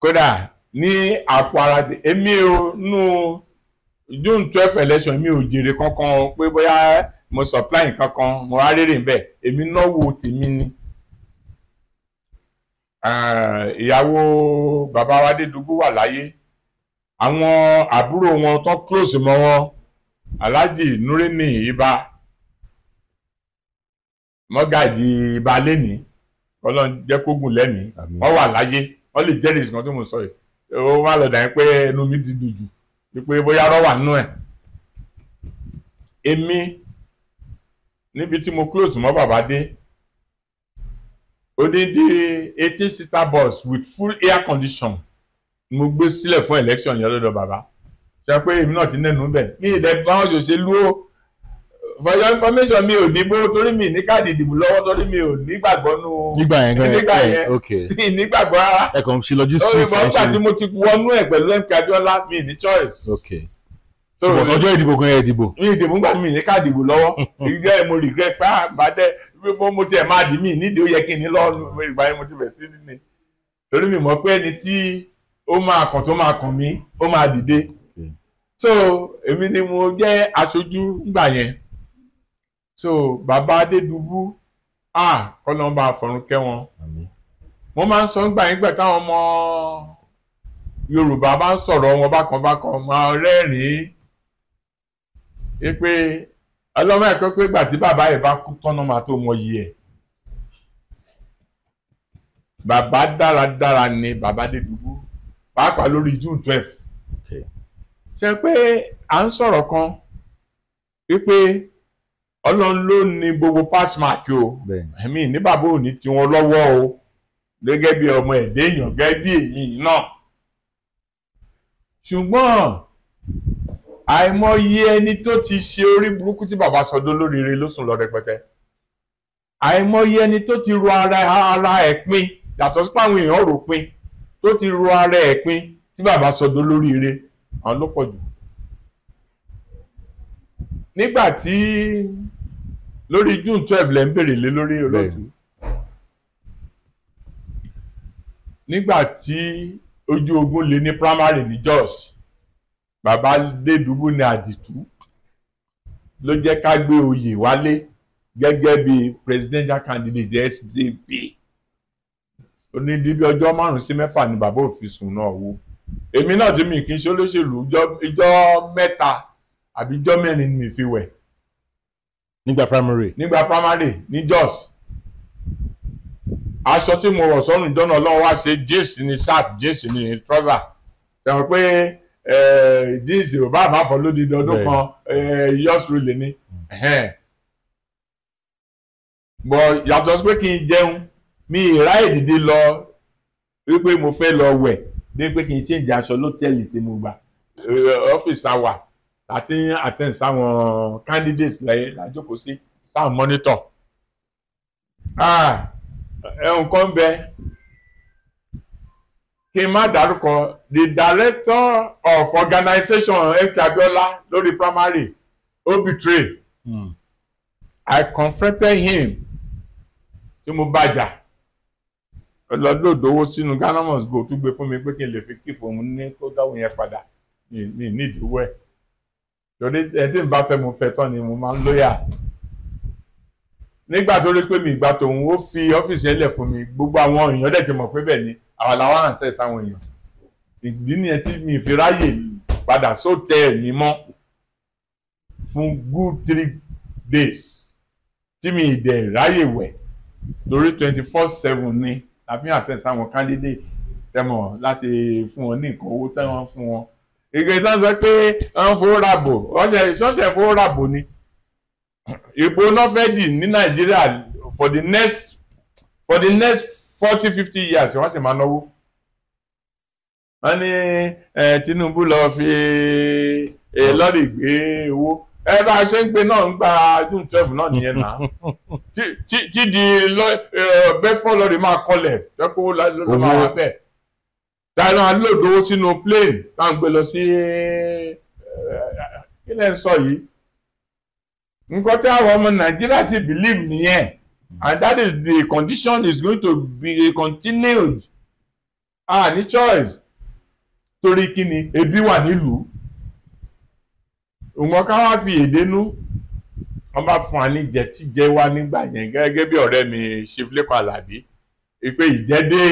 kódà ní àpò ara èmi ò nù. No, june twelve election mi ò jèrè kankan pé bóyá mo supply nǹkan kan mo wá rèrè níbẹ̀ èmi náwó tèmi ni ìyàwó bàbá wa dédúgbò wà láyé àwọn àbúrò wọn tó close mọ́ wọn alhaji nureni ibà mọ́gàjì ibà lẹ́ni ọlọ́run jẹ́ kógùn lẹ́ni wọ́n wà láyé wọ́n lè jẹ́rìí sí kan tó mọ̀ sọ yìí ó má lọ dà yín pé ẹnu mi ti dùn jù wípé bóyá rọ wà nínú ẹ̀ èmi níbi tí mo close mọ́ bàbá dé odidi eighteen seater bus with full air condition mo gbé sílẹ̀ fún election yẹn lọ́dọ̀ bàbá ṣe pé èmi náà ti nẹ́nu bẹ̀ mí ìdẹ́gbẹ́ báwọn ṣòṣèlú ó for information mi ò dìbò torí mi ní káàdì ìdìbò lọ́wọ́ torí mi ò nígbàgbọ́ nù. nígbà yẹn nígbà eh, yẹn ok mi nígbàgbọ́ rárá. ẹ kàn ṣe logistics ẹ ṣe. nígbà tí mo ti wọnú ẹ pẹ̀lú mk Abíọ́lá mi ní choice. ok so ọjọ́ ìdìbò gan yẹn ìdìbò. mi ìdìbò ń gbà mí ní káàdì ìdìbò lọ́wọ́ (laughs) ìgbà yẹn mo regret pa ah, àbádẹ mo tiẹ̀ máa dì mí nídìí ó yẹ kí n ní lọ́wọ́ ìgbà yẹn mo ti bẹ̀ sí ní torí mi mọ̀ pé ẹni tí ó máa kàn tó máa kàn mí ó máa dìde so èmi ni mo jẹ́ aṣojú ńgbà yẹn so bàbá adédùbú à kọ́lọ́mbà àfọ̀rúnkẹ́ wọn wọ́n máa ń sọ ńgbà yín gbà táwọn ọmọ yorùbá bá ń sọ̀rọ̀ wọn bákan bákan máa rẹ́rìn-ín é pé ọlọ́mọ ẹ̀kọ́ pé gbà tí bàbá ẹ̀ bá kú tọ́nà máa tó mọyì ẹ̀ bàbá dáradára ni bàbá dédúgbò pàápàá lórí june twelve ṣe pé à ń sọ̀rọ̀ kan wípé ọlọ́run ló ní gbogbo passmark o ẹ̀mí ní bàbá òní tí wọ́n lọ́wọ́ o gẹ́gẹ́ bí ọmọ ẹ̀dẹ́ èèyàn gẹ́gẹ́ bí èmi náà ṣùgbọ́n àìmọye ẹni tó ti ṣe orí burúkú tí bàbá sọdún lóríire ló sùn lọ rẹpẹtẹ àìmọye ẹni tó ti ro ara ara ẹ̀ pin yàtọ̀ sí páwọn èèyàn rò pin tó ti ro ara ẹ̀ pin tí bàbá sọdún lóríire àwọn ló pọ̀ jù nígbà tí lórí june twelve lẹ́ ń bèrè lé lórí olóòtú nígbà tí ojú ogun lé ní primary ní Jos bàbá Dédùbú ní àdìtú ló jẹ́ ká gbé oyè wálé gẹ́gẹ́ bí presidential candidate SDP onídìbí ọjọ́ márùn-ún sí mẹ́fà ni bàbá òfin sùn náà wò èmi náà tí mi kì í ṣe olóṣèlú ìjọ́ mẹ́ta àbí ìjọ́ mẹ́rin ni mi fi wẹ̀ nígbà primary. nígbà primary ní Jos aṣọ tí mo wọ̀ sọ́run ìjọ́nà ọlọ́run wá ṣe jíìsì ní sharp jíìsì ní trọ́sà ṣàwọn pé jíìsì ò bá àbá fọ lódìdí ọdún kan yọ́sùrù lè ní. bọ̀ yàtọ̀ sí pé kí n jẹun mi ìráyè dìde lọ wípé mo fẹ́ lọ wẹ̀ dé pé kí n ṣèǹjẹ aṣọ lọ́tẹ̀lì tí mo gbà ọ́fíìsì àwà àti attend sáwọn candidates lájókòó sí táwọn monitor ah, ẹ̀hún kan bẹ kí n má dárúkọ the director of organisation mk abiola lórí primary ó betray mm. i confronted him tí mo bá jà lọ́dọ̀dọ̀wọ́ sínú ghana must go tún gbé fún mi pé kí n lè fi kíkọ́ òun ní kó dáwọ́ yẹn padà ní ìdíwọ́ ẹ̀ torí ẹni tí n bá fẹ́ mo fẹ́ tán ni mo máa ń lóyà nígbà tó rí pé mi ìgbà tòun ó fi ọ́fíìsì ẹlẹ̀ fún mi gbogbo àwọn èèyàn dẹ̀ ti mọ̀ pé bẹ́ẹ̀ ni àwa làwọn àǹtẹ sáwọn èèyàn ìdí nìyẹn tí mi fi ráyè padà sóòtẹ́ mi mọ́ fún good three days tí mi ìdẹ̀ ráyè wẹ̀ lórí twenty four seven ni àfihàn àtẹ̀sáwọn candidate tẹmọ̀ láti fún wọn ní nǹkan owó tẹ́wọ́n fún wọn ìgbè tí wọ́n sọ pé wọ́n fowó ra bò ṣọ́ọ̀ṣẹ̀ fowó ra bò ni ìpò náà ní nàìjíríà for the next for the next forty fifty years wọ́n sì máa náwó wọ́n ní Tinubu lọ fi lọ́ọ̀rì gbé owó ẹ bá a ṣe ń pe náà ń gba June twelve náà nìyẹn náà tí di bẹ́fọ́ lọ́ọ̀rì máa kọlẹ̀ jẹ́ kó máa wá bẹ́ẹ̀ dáná alódòwó sínú plane tá à ń gbé lọ sí eh, kí lẹ́ ń sọ yìí nǹkan tí àwọn ọmọ Nàìjíríà sì believe nìyẹn and that is the condition is going to be continued ah ní choice torí kí ni ebi wà nílùú òun ká wá fi èdénú wọ́n bá fún wa ní jẹtíjẹ wá nígbà yẹn gẹ́gẹ́ bí ọ̀rẹ́ mi ṣe fúlẹ́kọ̀ àlàbí pé ìjẹ́dé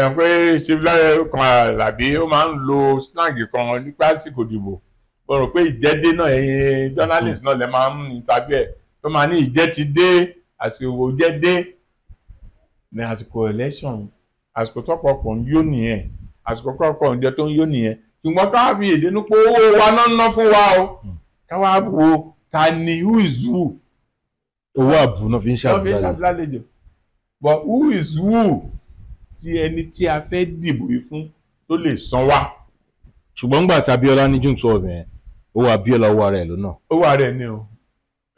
ẹ̀ pé ṣèbíláyẹ kan àlàbí ó máa ń lo snag kan nípa àsìkò ìdìbò mo rò pé ìjẹ́dé náà ẹ̀yin journalist náà lè máa ń interview ẹ̀ tó máa ní ìjẹ́ ti dé àsìkò jẹ́dé ní àsìkò election àsìkò tọ́pọ̀ pọ̀ ń yó nìyẹn àsìkò tọ́pọ̀ ń jẹ tó ń yó nìyẹn ṣùgbọ́n ká fi èdè nípa owó wa náà ná fún wa o ká wá wo ta ni who is who. owó àbù náà fi ń ṣàbùdá lè but who is who tí ẹni tí a fẹ́ dìbò yìí fún tó lè san wá. ṣùgbọ́n nígbà tí Abíọ́lá ní June twelve yẹn owó Abíọ́lá owó ara ẹ̀ ló náà. owó ara ẹ̀ ni o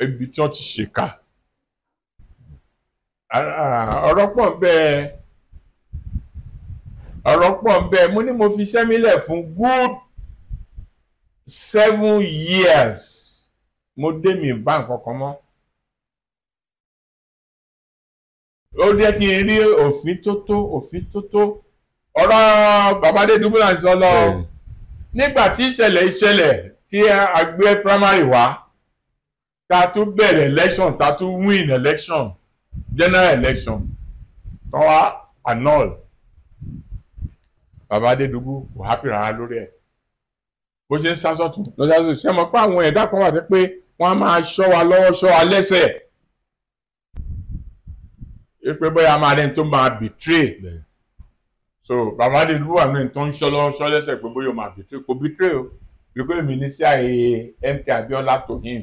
ibi tí wọ́n ti ṣèkà ọ̀rọ̀ pọ̀ bẹ́ẹ̀ ọ̀rọ̀ pọ̀ bẹ́ẹ̀ mo ní mo fi sẹ́mílẹ̀ fún good seven years mo dé mi bá nǹkan kan mọ́. ó jẹ́ kí n rí òfin tó tó òfin tó tó ọ̀rọ̀ babade dubula ń sọ lọ nígbà tí ìṣẹ̀lẹ̀ ìṣẹ̀lẹ̀ tí a gbé primary wá ta tún bẹ̀rẹ̀ election ta tún win election general election tán wá annul baba adédùgbò kò happy rárá lórí ẹ̀ bó ṣe ń sásọ̀tún lọ́sàsọ̀ ṣe mọ̀ pé àwọn ẹ̀dá kan wà tẹ́ pé wọ́n á máa ṣọ́ wa lọ́wọ́ ṣọ́ wa lẹ́sẹ̀ pé bóyá máa rẹ́ni tó máa betray so bàbá de ló wà ní tó ń ṣọlọ ṣọlẹ́sẹ̀ pé bóyá máa betray kò betray o bíkọ́ èmi ní sí àyè mk Abíọ́lá tó yìn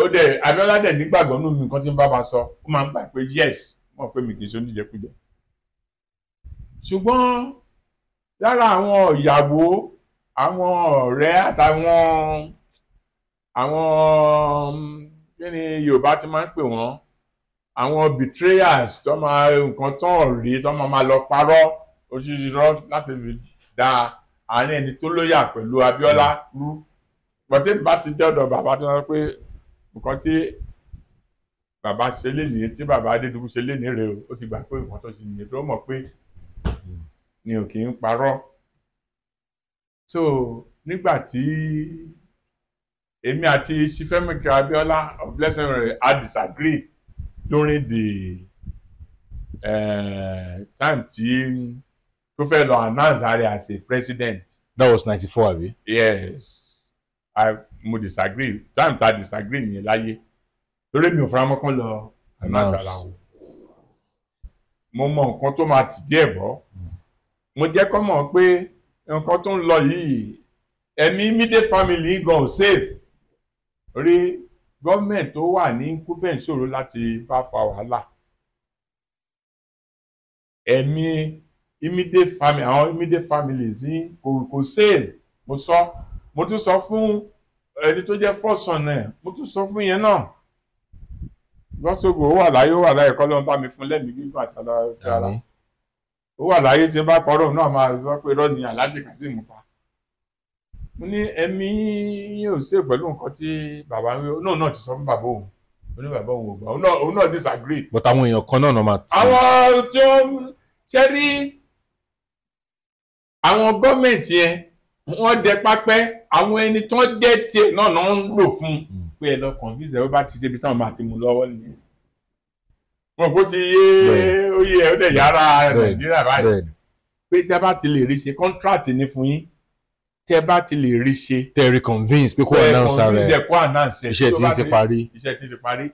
ó dẹ̀ Abíọ́lá dẹ̀ nígbàgbọ́ nínú mi nǹkan tí ń bá ma sọ ó máa ń gbà pé yes mọ̀ pé mi kì í ṣe oníjẹkújẹ ṣùgbọ́n lára àwọn ìyàwó àwọn ọ̀rẹ́ àtàwọn àwọn kí ni Yorùbá ti máa ń pè wọ́n àwọn betrayers tó máa nǹkan tó ń rí tó máa máa lọ parọ́ oṣooṣù rọ láti fi da àárín ẹni tó lóyà pẹ̀lú Abíọ́lá rú pọtí bá ti dé ọ̀dọ̀ bàbá tó sọ pé nǹkan tí bàbá ṣe lénìí tí bàbá Adédùbú ṣe lénìí rèé o ó ti gbà pé nǹkan tó ṣe nìyẹn tó mọ̀ pé ni ò kì í parọ́ so nígbà tí èmi àti Ṣífẹ́mi Abíọ́lá of blessing rẹ̀ i disagree during the uh, time tí tó fẹ́ lọ announce ààrẹ as a president. that was ninety four abi. yes i mo disagree time ta disagree nìyẹn láyé lórí mi ò fara mọ́kàn lọ announce àlàó mo mọ nǹkan tó máa tì díẹ̀ bọ́ mo jẹ́ kọ́ mọ̀ pé nǹkan tó ń lọ yìí ẹ̀mí immediate family gan safe rí gọ́ọ̀mẹ̀ntì tó wà ní kúbẹ̀ǹ ṣòro láti bá fa wàhálà ẹ̀mí immediate family àwọn immediate families yìí kò kò save mo sọ mo tún sọ fún ẹni tó jẹ́ fọ́sàn ẹ̀ mo tún sọ fún yẹn náà lọ́sọ̀gbò ó wà láyé ó wà láyé kọ́ ló ń bá mi fún lẹ́mìí gígùn àtàlà ìfẹ́ ara ó wà láyé tí n bá pọ̀rọ̀ náà máa sọ pé rọ́ọ̀nì aláàjì Kazeem pa mo ní ẹ̀mí yóò ṣe pẹ̀lú nǹkan tí bàbá ń wí náà náà ti sọ fún bàbá òun oní bàbá òun ò gbà òun náà disagree. but àwọn èèyàn kan náà máa ti. àwọn tí ó ṣe rí àwọn gọ́ọ̀mẹ̀ntì yẹn wọ́n dẹ pápẹ́ àwọn ẹni tó ń dẹ́ tiẹ̀ náà náà ń lò fún un hmm. pé ẹ lọ confuse ẹ ó bá ti débi táwọn máa ti mú lọ́wọ́ nìyẹn. wọn kò ti yé oyè ẹ̀ ó dẹ̀ yára nàìjíríà báyìí pé tí a bá ti lè rí ṣe contract ní fún yín tẹ bá ti lè rí ṣe. tẹ rí convince pé kó announce rẹ convince kó announce iṣẹ́ tí ti parí. iṣẹ́ tí ti parí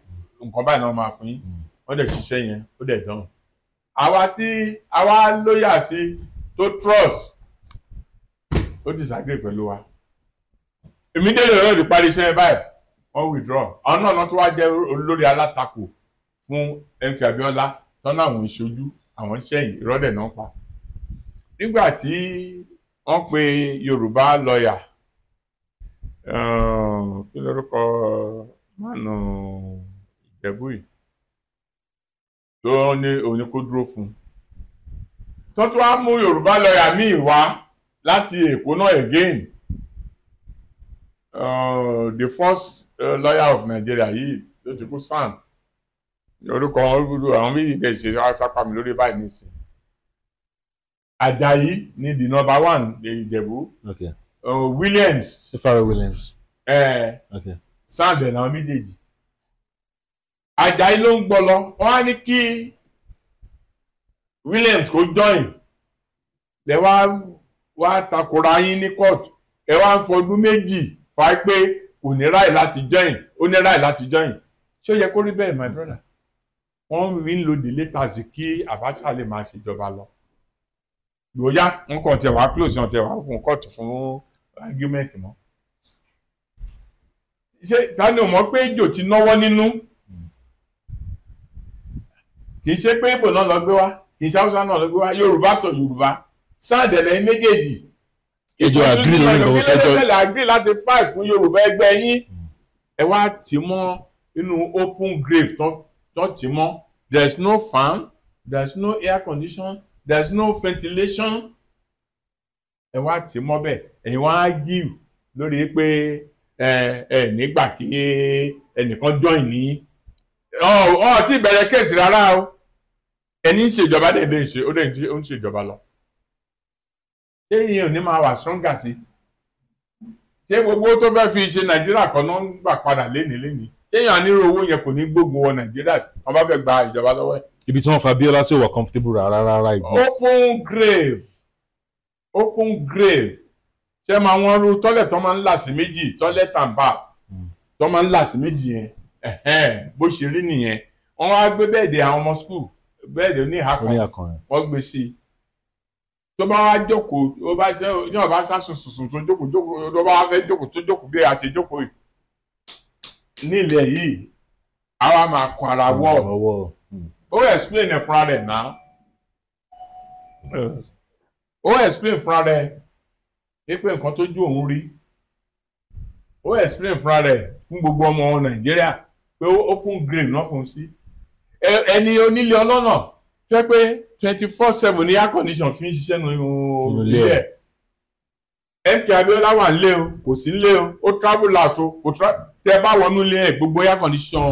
nǹkan báyìí náà máa fún yín ó hmm. dẹ̀ ṣiṣẹ́ yẹn ó dẹ̀ dán. àwa tí àwa lóyà sí tó trust ó disagree pẹ̀lú wa. immediately ọ̀rọ̀ ti parí iṣẹ́ báyìí wọ́n withdraw àwọn náà náà tó wá jẹ́ olórí alátakò fún MK Abiola tọ́nà àwọn ìṣojú àwọn iṣẹ́ yìí rọ́dẹ̀ náà pa. nígbà tí wọ́n pe yorùbá lọ́yà kí lórúkọ mánu ìjẹ̀bú yìí tó ní òní kó dúró fún un tó tún wá mú yorùbá lọ́yà míì wá láti èkó náà again uh, the first eh, lawyer of Nigeria yìí ló ti kú sàn orúkọ àwọn méjì dẹ̀ ṣe sápá mi lórí báyìí nísìn Ajayi ni the number one ní Ìjẹ̀bú. Okay. Uh, Williams. Ifeanyi Williams. Uh, okay. Sand ẹ̀ náà méjèèjì. Ajayi ló ń gbọ́ lọ, wọ́n á ní kí Williams kó join. Lẹ wá wá takora yín ní court. Ẹ wá ń fọdún méjì fa pé kò ní ráì láti join, ó ní ráì láti join. Ṣé ó yẹ kó rí bẹ́ẹ̀ my brother? Wọ́n ń lo delay tax kí Abacha lè máa ṣèjọba lọ lóyá wọn kàn tiẹ̀ wá close yàn tiẹ̀ wá fún kóòtù fún argument mọ́ ṣé tani ò mọ̀ pé ejò ti náwọ́ nínú kì í ṣe pé Ìgbò náà lọ gbé wá kì í ṣe Haúsá náà lọ gbé wá Yorùbá tó Yorùbá sáàdẹ̀lẹ̀ méjèèjì ejò àgírí lórí ìnáwó kẹjọ ìjọba àgírí láti five fún Yorùbá ẹgbẹ́ yín ẹ wá tì mọ́ inú open grave tó tì mọ́ there is no farm there is no air condition there is no ventilation ẹ wá tì í mọ́bẹ̀ ẹ̀yin wá give lórí pé ẹ ẹ nígbà kí ẹnìkan join ní ọ ọ tí ìbẹ̀rẹ̀ kéèsì rárá o ẹni ń ṣèjọba dẹ̀ lè ṣe ó dẹ̀ ń ṣèjọba lọ ṣé ìyẹn ò ní máa wà stronger sí ṣé gbogbo tó fẹ́ fi ṣe nàìjíríà kan náà ń gbà padà lénìí lénìí ṣé èèyàn nírú owó yẹn kò ní gbógun wọ nàìjíríà wọn bá fẹ́ gba ìjọba lọ́wọ́ ẹ̀ ibi tí wọ́n fa Abiola sí wà comfortable rárá rárá ibi. open grave open grave ṣé máa wọ́n ru tọ́lẹ̀ tó máa ń là sí méjì tọ́lẹ̀ and bath hmm. tó máa ń là sí méjì yẹn bó ṣe rí nìyẹn wọ́n wá gbé bẹ́ẹ̀dì àwọn ọmọ skul bẹ́ẹ̀dì oníhàkàn wọ́n gbé sí i tó bá wá jókòó ó bá jẹ́ ní ọ̀bá sásùn sùsùn tó jókòó jókòó tó bá wá fẹ́ jókòó tó jókòó bí a ti jókòó yìí nílẹ̀ yìí àwa máa kọ ara wọ́ọ̀ ó explain ẹ̀ fúnra rẹ̀ náà ó explain fúnra rẹ̀ pé nǹkan tó ju òun rí ó explain fúnra rẹ̀ fún gbogbo ọmọ nàìjíríà pé open green na fún un sí ẹni onílé ọlọ́nà tó 24/7 four seven ní air condition fi ń ṣiṣẹ́ nínú ilé ẹ̀ mk abiola wà ń lé o kò sí ń lé o ó travel out o kò tẹ bá wọnú ilé ẹ̀ gbogbo air condition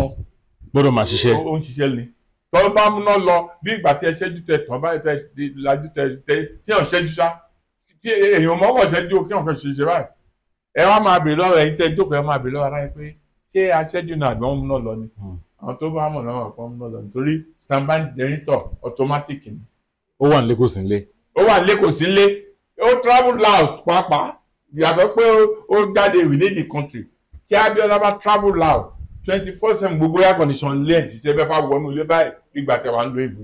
gbọ́dọ̀ máa ṣiṣẹ́ ó ń ṣiṣẹ́ ni tọ́ bá múná lọ bí ìgbà tí ẹ ṣẹ́jú tẹ tọ́ bá tẹ lajú tẹ tẹ tí èèyàn ṣẹ́jú ṣá tí èèyàn mọ́wọ́ ṣẹ́jú kí wọ́n fẹ́ ṣe ṣe báyìí ẹ wá máa bèèrè lọ́wọ́ ẹ̀yin tẹ jókòó ẹ máa bèèrè lọ́wọ́ ara yín pé ṣé aṣẹ́jú náà àgbọ̀n múná lọ ni hmm. àwọn tó bá mọ̀ lọ́wọ́ ọ̀pọ̀ múná lọ nítorí standby generator automatic ni. ó wà nílé kò sí nílé. ó wà nílé kò sí nílé ó travel loud pàápàá yàtọ̀ pé ó jáde within the country tí Abíọ́lá bá travel loud twenty four seven gbogbo air condition lé ẹ̀ ṣiṣẹ́ bẹ́ẹ̀ fà wọnú ilé báyìí gbígbà tẹ wà ń lo ìbò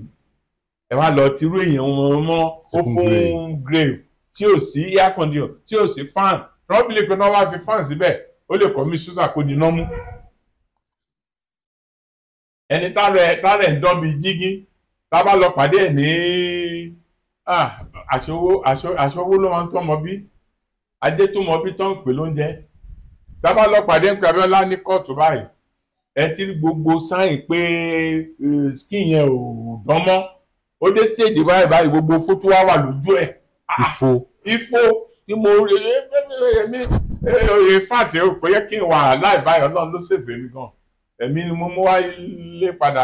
ẹ wá lọ tirú èèyàn wọn mọ́ open grave tí ò sí air condition tí ò sí fan rọ́bìlì pé náà wá fi fan síbẹ̀ ó lè kọ́ mí ṣúṣà kó jiná mú ẹni tààrẹ tààrẹ ń dán bíi jígí tá a bá lọ pàdé ẹ̀ ní ah, aṣọwó aṣọwó ló máa ń tọ́ ọmọ bí ajé tó mọ bí tó ń pè lóúnjẹ tá a bá lọ pàdé ń pè abẹ́ọ́lá ní kóòtù báyìí ẹ ti rí gbogbo sáyìn pé skin yẹn ò dán mọ́ ó dé stage báyìí báyìí gbogbo fótó wá wà lójú ẹ̀. Ah, ifo ifo ni mo rí èmi ìfàtẹ́ ò pé kí n wà láì báyìí ọlọ́run ló ṣèfè mi gan èmi ni mo mú wá lé padà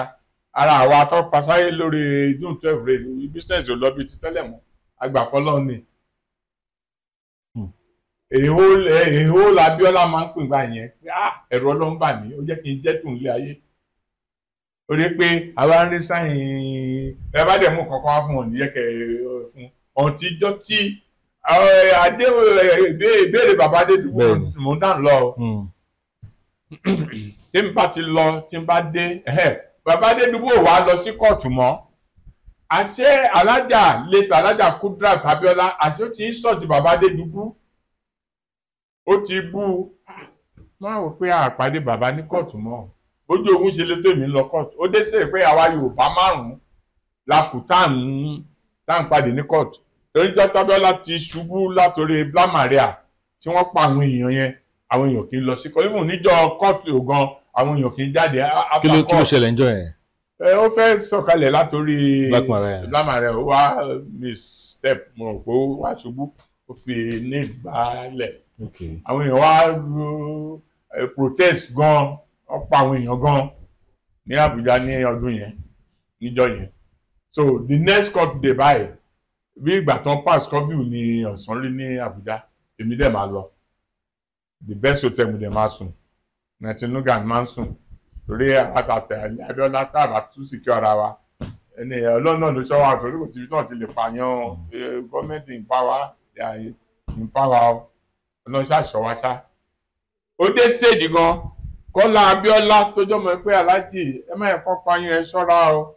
ara àwa tó pasáyé lórí june twelve rẹ business ò lọ bí ti tẹ́lẹ̀ mọ́ agbàfọ́lọ́ ni èho èho labiola máa ń pè bá yẹn ah, ẹ̀rọ ló ń bà mí ó jẹ́ kí n jẹ́tùn ilé ayé ó rí pé àwa ń rí sáyìn ẹ bá dẹ̀ mú kankan wá fún wọn ní yẹ́kẹ̀ fún ọ̀tíjọ́ tí adé ìbéèrè bàbá Adédìgbò mò ń dàn lọ hmm. tí n bá ti lọ tí n bá dé bàbá Adédìgbò wá lọ sí kóòtù mọ́ àṣé alájà lẹ́tà alájà Kúdírát Abíọ́lá àṣé ó ti ń sọ̀tì bàbá Adédìgbò ó ti bú u máa wò pé àpàdé bàbá ní kóòtù mọ́ bójú ogun ṣe lé tèmi lọ kóòtù ó dé sí pé àwa Yorùbá márùn-ún la kù tá à ń tá à ń pàdé ní kóòtù lórí jọ́tàbíọ́lá ti ṣubú látòrí blamaria tí wọ́n pa àwọn èèyàn yẹn àwọn èèyàn kì í lọ sí kọ́ even níjọ́ kóòtù gan àwọn èèyàn kì í jáde after court kí ló ṣẹlẹ̀ níjọ́ yẹn. ẹ ó fẹ́ sọ̀kalẹ̀ látòrí blamaria ó wá misstep mo rò pé ó ṣubú ó fi ní ìgbálẹ̀ àwọn èèyàn wá eh, protest gan wọ́n pa àwọn èèyàn gan ní Àbújá ní ọdún yẹn níjọ́ yẹn so the next court day báyìí bí ìgbà tán pass curfew ní ọ̀sán rí ní Àbújá èmi dẹ̀ máa lọ the best hotel mi dẹ̀ máa sùn nàìjíríà máa ń sùn torí àtàtà Abíọ́lá tààrà tún secure kí ọ̀ra wa ẹni ọlọ́nà ló ṣọ́wọ́ àtòrí kò síbi tí wọ́n ti lè pààyàn gọ́ọ̀mẹ́ntì ń pa wá ń pa wá o ọlọ́run ṣàṣọ wa ṣá ó stéèdì gan kọ́lá abíọ́lá tó jọmọ pé aláàjì ẹ má yẹ kọ́ pa yín ṣọ́ra o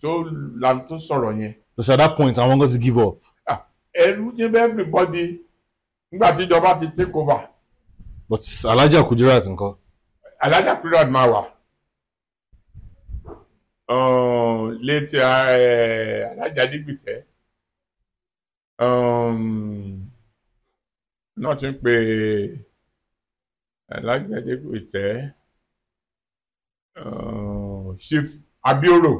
tó là ń tún sọ̀rọ̀ yẹn. to so at that point I àwọn gan to give up. Ah, ẹrú ti bẹ́ẹ̀ everybody nígbà tí ìjọba ti take over. but alájà Kudirat ńkọ́. alájà Kudirat máa wà um, létí eh, alájà Dígbìtẹ́. Um, náà ti ń pe alájẹjẹkù eh, ìtẹ́ eh, chief abioro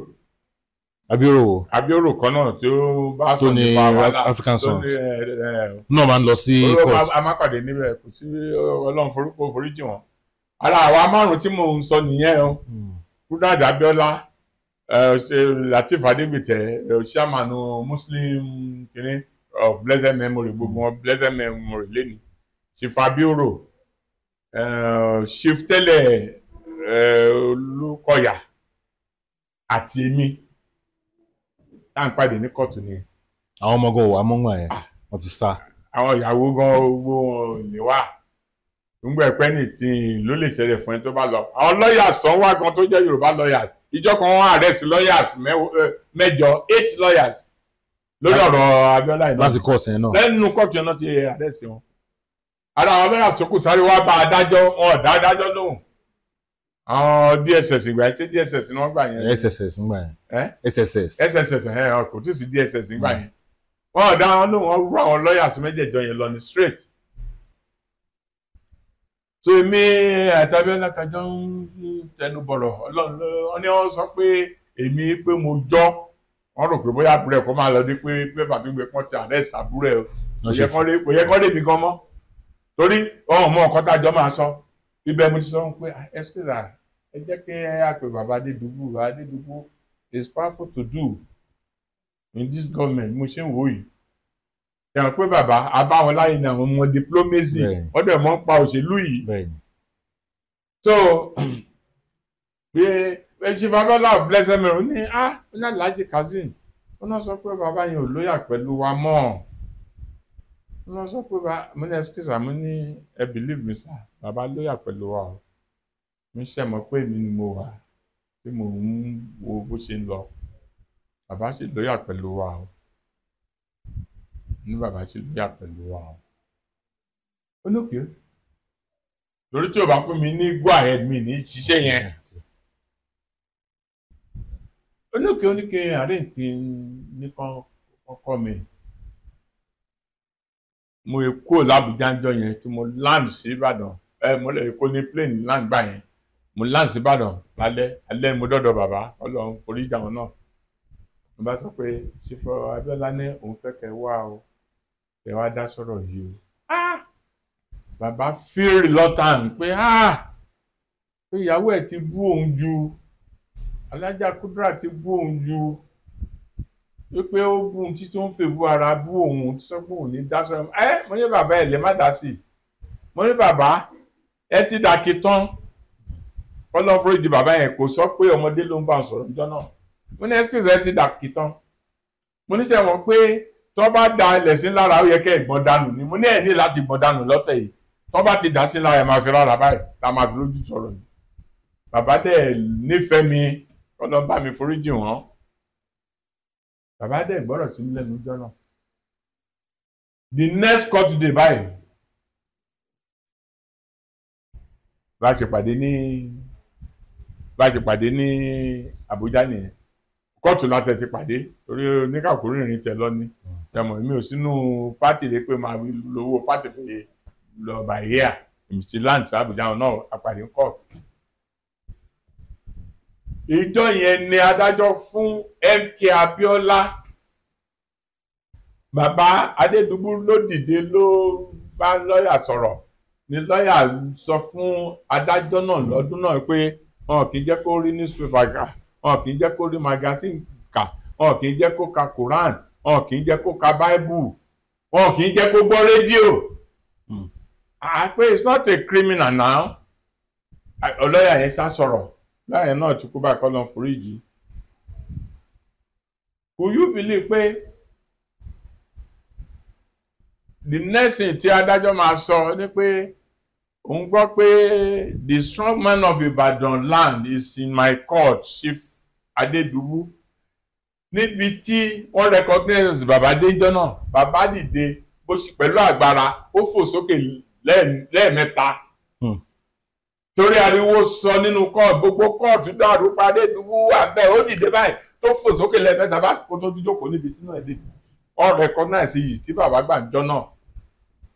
abioro wo abioro kan náà tí ó bá sọ nípa wàhálà african songs eh, náà máa ń lọ sí court a máa pàdé níbẹ̀ kò sí ọlọ́run forúkọ foríjì wọn ara àwa márùn tí mò ń sọ nìyẹn o hmm. rúdàdì abíọ́lá latif adégbìtẹ́ chairman muslim kìnínní of blessed memory gbogbo wọn blessed memory lẹ́nu ṣìfàbíòrò ṣìftẹ́lẹ̀ olùkọ́yà àti èmi tá à ń pàdé ní kóòtù ni. àwọn ọmọ gan wà mọ́ngbà yẹn ah. wọ́n ti sá. àwọn ìyàwó gan owó wọn ò ní wá nígbà ẹ̀pẹ́ ní tí ló lè ṣẹlẹ̀ fún ẹ tó bá lọ àwọn lawyers tó ń wá gan tó jẹ́ Yorùbá lawyers ìjọ kan wọ́n arrest lawyers eh, mẹ́jọ eight lawyers lórí ọ̀rọ̀ Abiola yìí láti kọ́ọ̀tù yẹn náà lẹ́nu kọ́ọ̀tù yẹn náà ti àdẹ́sẹ̀ wọn ara àwọn mẹ́ta sọ́kù sáré wá bá adájọ́ wọn dá adájọ́ lóhùn àwọn DSS ìgbà yẹn ṣé DSS ni wọ́n gbà yẹn. SSS ń gbà yẹn SSS SSS ẹ kò tí ì sí DSS ń gbà mm. yẹn wọn dá wọn lóhùn wọn rú àwọn lọ́yàsì méjèèjọ yẹn lọ ní straight so èmi àtàbí ọlọ́kàjọ́ ń tẹnu bọ̀rọ̀ ọlọ́run ló ní wọ́n sọ pé èmi pé mo jọ́ wọ́n rò pé bóyá àbúrò ẹ̀ kó máa lọ dé pé pépà tó gbé pọ́n ti arrest àbúrò ẹ̀ kò yẹ kọ́ débi gan mọ́ torí ọ̀hún mọ́ ọ̀kọ́ tájọ́ máa sọ ibẹ̀ mo ti sọ pé ah, ẹ́sìkìlà ẹ jẹ́ kí ẹ àpè bàbá Adédùbú bàbá Adédùbú is powerful to do in this government mo ṣe ń wò yìí ẹ̀rọ pé bàbá abáwọn láyé ni àwọn ọmọ diplomacy ọdọ ẹ̀ mọ́ ń pa òṣèlú yìí so (clears throat) pé ṣìfàbẹ́lá blessed mary ní á ah, ní alhaji kazeem wọn náà sọ pé bàbá yẹn ò lóyà pẹ̀lú wa mọ́ wọn náà sọ pé mo ní excuse àmú ní ẹ believe me sir bàbá lóyà pẹ̀lú wa o mi ṣe mọ̀ pé èmi ni mo wà tí mo ń wo bó ṣe ń lọ bàbá sì lóyà pẹ̀lú wa o ní bàbá sì lóyà pẹ̀lú wa o olókè torí tí o bá fún mi ní go ahead mi ní ṣiṣẹ́ yẹn olókè oníke àríǹkì ní kọ́kọ́ mi mo kó làbújá ń jọ yẹn tí mo land sí ìbàdàn ẹ mo lè kó ní plane land gbà yẹn mo land sí ìbàdàn lálẹ́ alẹ́ mo dọ́dọ̀ bàbá ọlọ́run forí ìjà wọn náà mo bá sọ pé sífọ abẹ́lá ní òun fẹ́ kẹ́ wá o kẹ́ wá dá sọ̀rọ̀ yìí o ah! bàbá feel reluctant ah! pé ìyàwó ẹ̀ ti bú òun ju alájà kúdúrà ti bú òun ju wípé ó bú òun títí ó ń fèbú ara bú òun sọ pé òun ní dáṣọ ẹ mo ní bàbá ẹ lè má dá sí i mo ní bàbá ẹ ti dàkí tán ọlọ́fọ́rọ́ ìdí bàbá yẹn kò sọ pé ọmọdé ló ń bá sọ̀rọ̀ níjọ́ náà mo ní excuse ẹ ti dàkí tán mo ní sẹ́wọ̀n pé tọ́ bá da ilẹ̀ lára ó yẹ kẹ́ ìgbọ̀n dànù ni mo ní ẹ̀ ní láti ìgbọ̀n dànù lọ́tẹ̀ yìí tọ́ bá ti dà sí lára ẹ̀ máa fi rárá báyìí Ọlọ́run bá mi foríjì wọ́n bàbá dẹ̀ gbọ́rọ̀ sí mi lẹ́nu ọjọ́ náà the next call today báyìí láti pàdé ní láti pàdé ní Abuja nìyẹn kóòtù láti ẹ ti pàdé torí oníkàkùn rìnrìn tẹ lọ ni tẹmọ mi ò sínú pátì lè pé máa lówó pátì fi lọ bàyẹ́à ìmìtì láǹtì Àbújá náà àpàdé ń kóòtù ìjọ yẹn ni adájọ́ fún MK Abiola bàbá Adédùgbù ló dìde ló bá lọ́yà sọ̀rọ̀ ni lọ́yà sọ fún adájọ́ náà lọ́dún náà pé wọn kì í jẹ́ kó rí newspaper kà wọn kì í jẹ́ kó rí magazine kà wọn kì í jẹ́ kó ka Quran wọn kì í jẹ́ kó ka Bible wọn kì í jẹ́ kó gbọ́ rédíò àpé hmm. ah, it's not a criminal now ọlọ́yà yẹn sá sọ̀rọ̀ láàyè náà ti kú báyìí kọ́ ló ń foríjì kò yú bìlí pé the next thing tí adájọ́ máa sọ ni pé òun gbọ́ pé the strong man of Ibadan land is in my court Chief Adédùbú níbi tí wọ́n recognize bàbá déjọ́ náà bàbá dìde bó ṣe pẹ̀lú agbára ó fò sókè lẹ́ẹ̀mẹ́ta. Hmm torí ariwo sọ nínú kọ́ọ̀tù gbogbo kọ́ọ̀tù dàrú padé dúró abẹ́ ó dìde báyìí tó fò sókè lẹ́ẹ̀mẹ́ta bá kó tó dújókòó níbi tí náà dé ọ rẹkọnáìsì yìí tí bàbá gbà ń jọ náà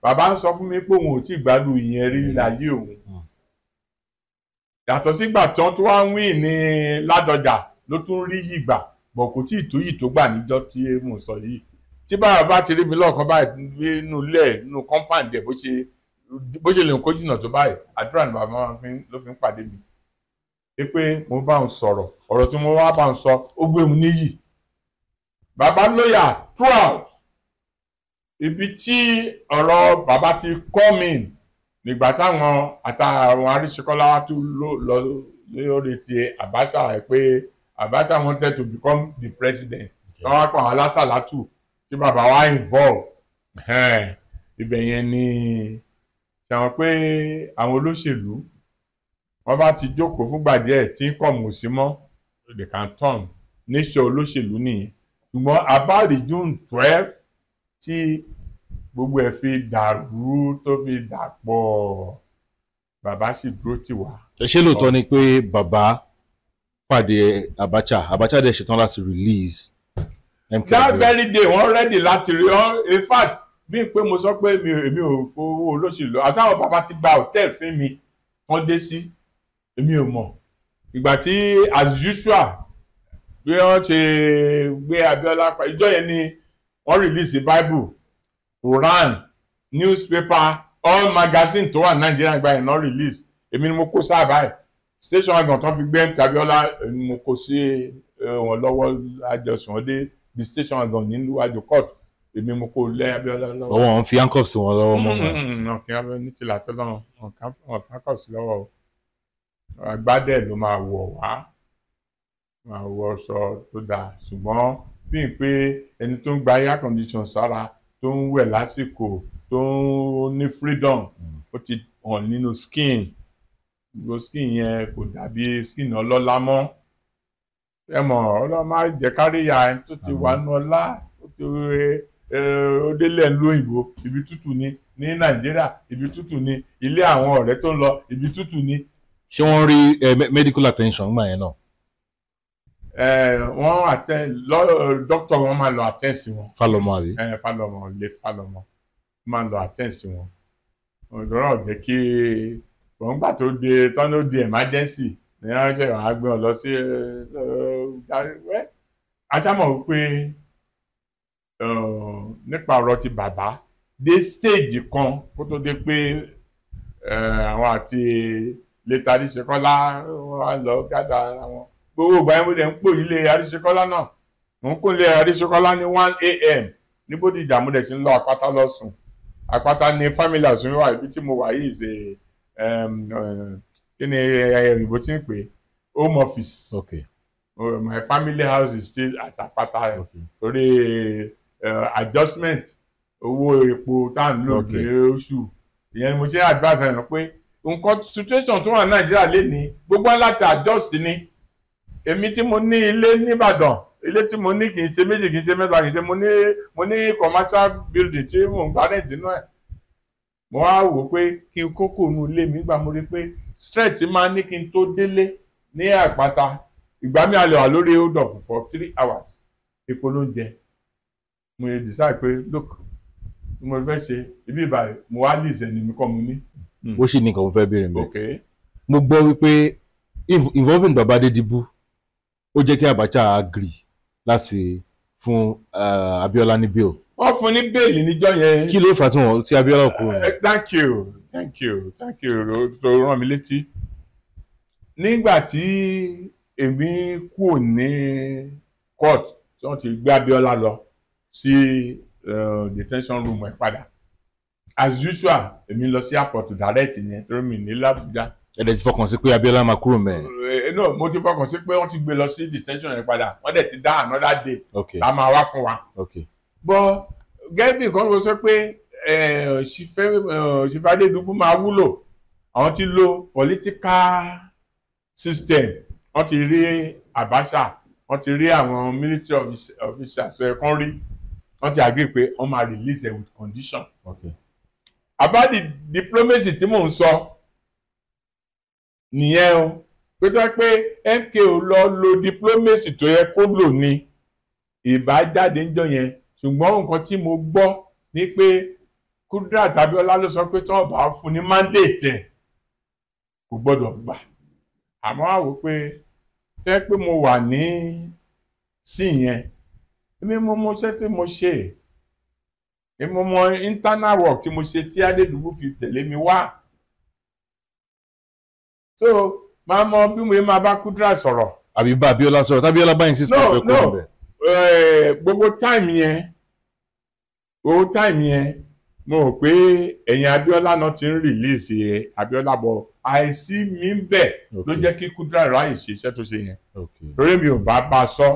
bàbá ń sọ fún mi pé òun ò tí ì gbádùn ìyẹn rí láyé òun yàtọ̀ sígbà tí wọ́n tún wá ń wín ní ládọjà ló tún rí yìí gbà bọ̀ kò tí ì tó yìí tó gbà níjọ́ tí mò ń sọ yìí tí bàbá ti rí mi lọ́ọ̀kan báyìí nínú ilé nínú kọ́ńpáǹdì ẹ̀ bó ṣe bó ṣe lè kó jìnnà tó báyìí àdúrà ni bàbá máa fi ló fi ń pàdé mi ẹ pé mo bá ń sọ̀rọ̀ ọ̀rọ̀ tí mo wá bá ń sọ ó gbé mu níyì bàbá lóyà throughout ibi tí ọ̀rọ̀ bàbá ti kọ́ mi nígbà táwọn àtàwọn aríṣekọ́lá wa tún lọ lórí ti Abacha ẹ pé Abacha wanted to become the president wọn wá pa àwọn alásàlátù tí bàbá wa involve ibẹ̀ yẹn ni ṣàwọn pé àwọn olóṣèlú wọ́n bá ti jókòó fúngbà díẹ̀ tí ń kọ̀ mù sí mọ́ they can turn nature olóṣèlú nìyẹn ṣùgbọ́n about the June twelve tí gbogbo ẹ̀ fi dàrú tó fi dàpọ̀ bàbá sì dúró tì wá. ẹ ṣé lóòótọ́ ni pé bàbá pàdé Abacha Abacha dẹ̀ ṣetán láti release. that very day wọ́n ready láti rí in fact bí pé mo sọ pé mi èmi ò fowó olóṣèlú àtàwọn bàbá ti gba hòtẹ́ẹ̀lì fún mi wọ́n dé sí èmi ò mọ̀ ìgbà tí as usual bí wọ́n ṣe gbé Abiola pa ìjọ yẹn ni wọ́n release Bible Quran newspaper all magazine tó wà Nàìjíríà gba ìná release èmi ni mo kó sáàbà ẹ̀ station wagon tó fi gbé Abiola mo kó sí eh, wọn lọ́wọ́ àjọsùn ọdẹ the station wagon nílùú àjò court èmi mo kò lẹ́ Abíọ́lá lọ́wọ́. ọwọ́ wọn fi handcuffs wọn lọ́wọ́ mọ́ mm-hmm, wọn. Mm-hmm, ọ̀kẹ́ Abíọ́lá ní tìlà tó lọ́wọ́ ọ̀kẹ́ handcuffs lọ́wọ́ agbádẹ́ ló máa wọ̀ wá máa wọ ọ̀ṣọ́ tó dáa ṣùgbọ́n bí n pé ẹni tó ń gba air condition sára tó ń wẹ̀ lásìkò tó ń ní freedom mm. ó ti hàn nínú skin gbogbo skin yẹn kò dàbí skin ọlọ́lá mọ́ ẹ mọ̀ ọlọ́mọ àìjẹ́káríyà tó ti wà ní ọlá tó ti rẹ̀ ó délẹ̀ ńlóyìnbó ibi tútù ni ní nàìjíríà ibi tútù ni ilé àwọn ọ̀rẹ́ tó ń lọ ibi tútù ni. ṣé wọ́n rí medical attention gbà yẹn náà. wọ́n àtẹn lọ dókítà wọn máa lọ àtẹn sí wọn. falọmọ àbí. falọmọ lè falọmọ máa lọ àtẹn sí wọn. òdòrò jẹ́ kí wọ́n gbà tó de tọ́nú di emergency ní wọ́n ṣe wàá gbé wọn lọ sí. aṣámọ̀ wípé nípa ọ̀rọ̀ ti bàbá dé stage kan kó tó dé pé àwọn àti lẹ́tà àríṣekọ́lá wà lọ gádà àwọn gbogbo ìgbà yẹn mo dẹ̀ ń pò ilé àríṣekọ́lá náà mo ń kó ilé àríṣekọ́lá ní one a.m. ní Bódìjà mo dẹ̀ ti ń lọ àpáta lọ sùn àpáta ní family àsùnwé wà ibi tí mo wà yìí ṣe kí ni òyìnbó ti ń pè home office okay. uh, my family house is still at Apata okay. torí. Uh, adjustment owó epo tá à lò ní oṣù ìyẹn mo ṣe advance ẹ̀rọ pé nǹkan situation tó wà nàìjíríà lé ní gbogbo láti adjust ni èmi tí mo ní ilé nìbàdàn ilé tí mo ní kì í ṣe méjì kì í ṣe mẹ́ta kì í ní mo n kókò nu ilé mi gbà mo rí a mo yẹ decide pé look mo fẹ́ ṣe ibi ìbàdàn mo wá lè ṣẹ́ni mi kọ́ mo ní. Hmm. ó sì ní nǹkan mo fẹ́ béèrè mi. mo gbọ́ wípé involving baba Adédìbú ó jẹ́ kí Abacha agree láti fún uh, Abiola ní bill. wọ́n fún ní bẹ́ẹ̀lì níjọ́ yẹn. kí ló fà tí wọ́n ti Abiola kú. Eh, thank you thank you thank you tó rán mi létí. nígbà tí èmi kúrò ní court tí wọ́n ti gbé Abiola lọ sí eh, detention room ẹ̀ padà as usual èmi lọ sí airport direct yẹn torí mi ní làbújá. ẹ dẹ̀ ti fọkàn sí pé Abíọ́lá máa kúrò mẹ́rin. ẹ eh, no mo ti fọkàn sí pé wọ́n ti gbé lọ sí detention yẹn padà wọ́n dẹ̀ ti dá another date. ok la máa wá fún wa. ok bọ́ gẹ́gẹ́ bí nǹkan ló sọ pé eh, ṣìfàdédùgbò máa wúlò àwọn ti lo political system wọ́n ti rí Abacha wọ́n ti rí àwọn military officers ẹ̀ kan rí wọ́n ti agree pé wọ́n máa release it with condition. Okay. about the diplomacy tí mò ń sọ nìyẹn o pé tó pé MKO lọ lo diplomacy tó yẹ kó lò ní ìbájáde ń jọ yẹn ṣùgbọ́n nǹkan tí mo gbọ́ ni pé Kudrat Abiola ló sọ pé tọ́wọ́ bá fún ní mandate ẹ̀ kò gbọ́dọ̀ gbà àmọ́ àwò pé fẹ́ pé mo wà ní sí yẹn èmi mo mọ iṣẹ́ tí mo ṣe èmi mọ internal work tí mo ṣe tí adédùgbò fi tẹ̀lé mi wá so máa mọ bí mo yẹ máa bá kúdúrà sọ̀rọ̀. àbí bá Abíọ́lá sọ̀rọ̀ tábíọ́lá báyìí sí sport fẹ́ kó níbẹ̀. Eh, gbogbo time yẹn gbogbo táìmù yẹn mo rò pé ẹ̀yìn Abíọ́lá náà ti ń rìlíìsì Abíọ́lá bọ̀ àìsí mi ń bẹ̀ ló jẹ́ kí kúdúrà ráyè ṣe iṣẹ́ tó ṣe yẹn torí mi ò bá bá a sọ. So,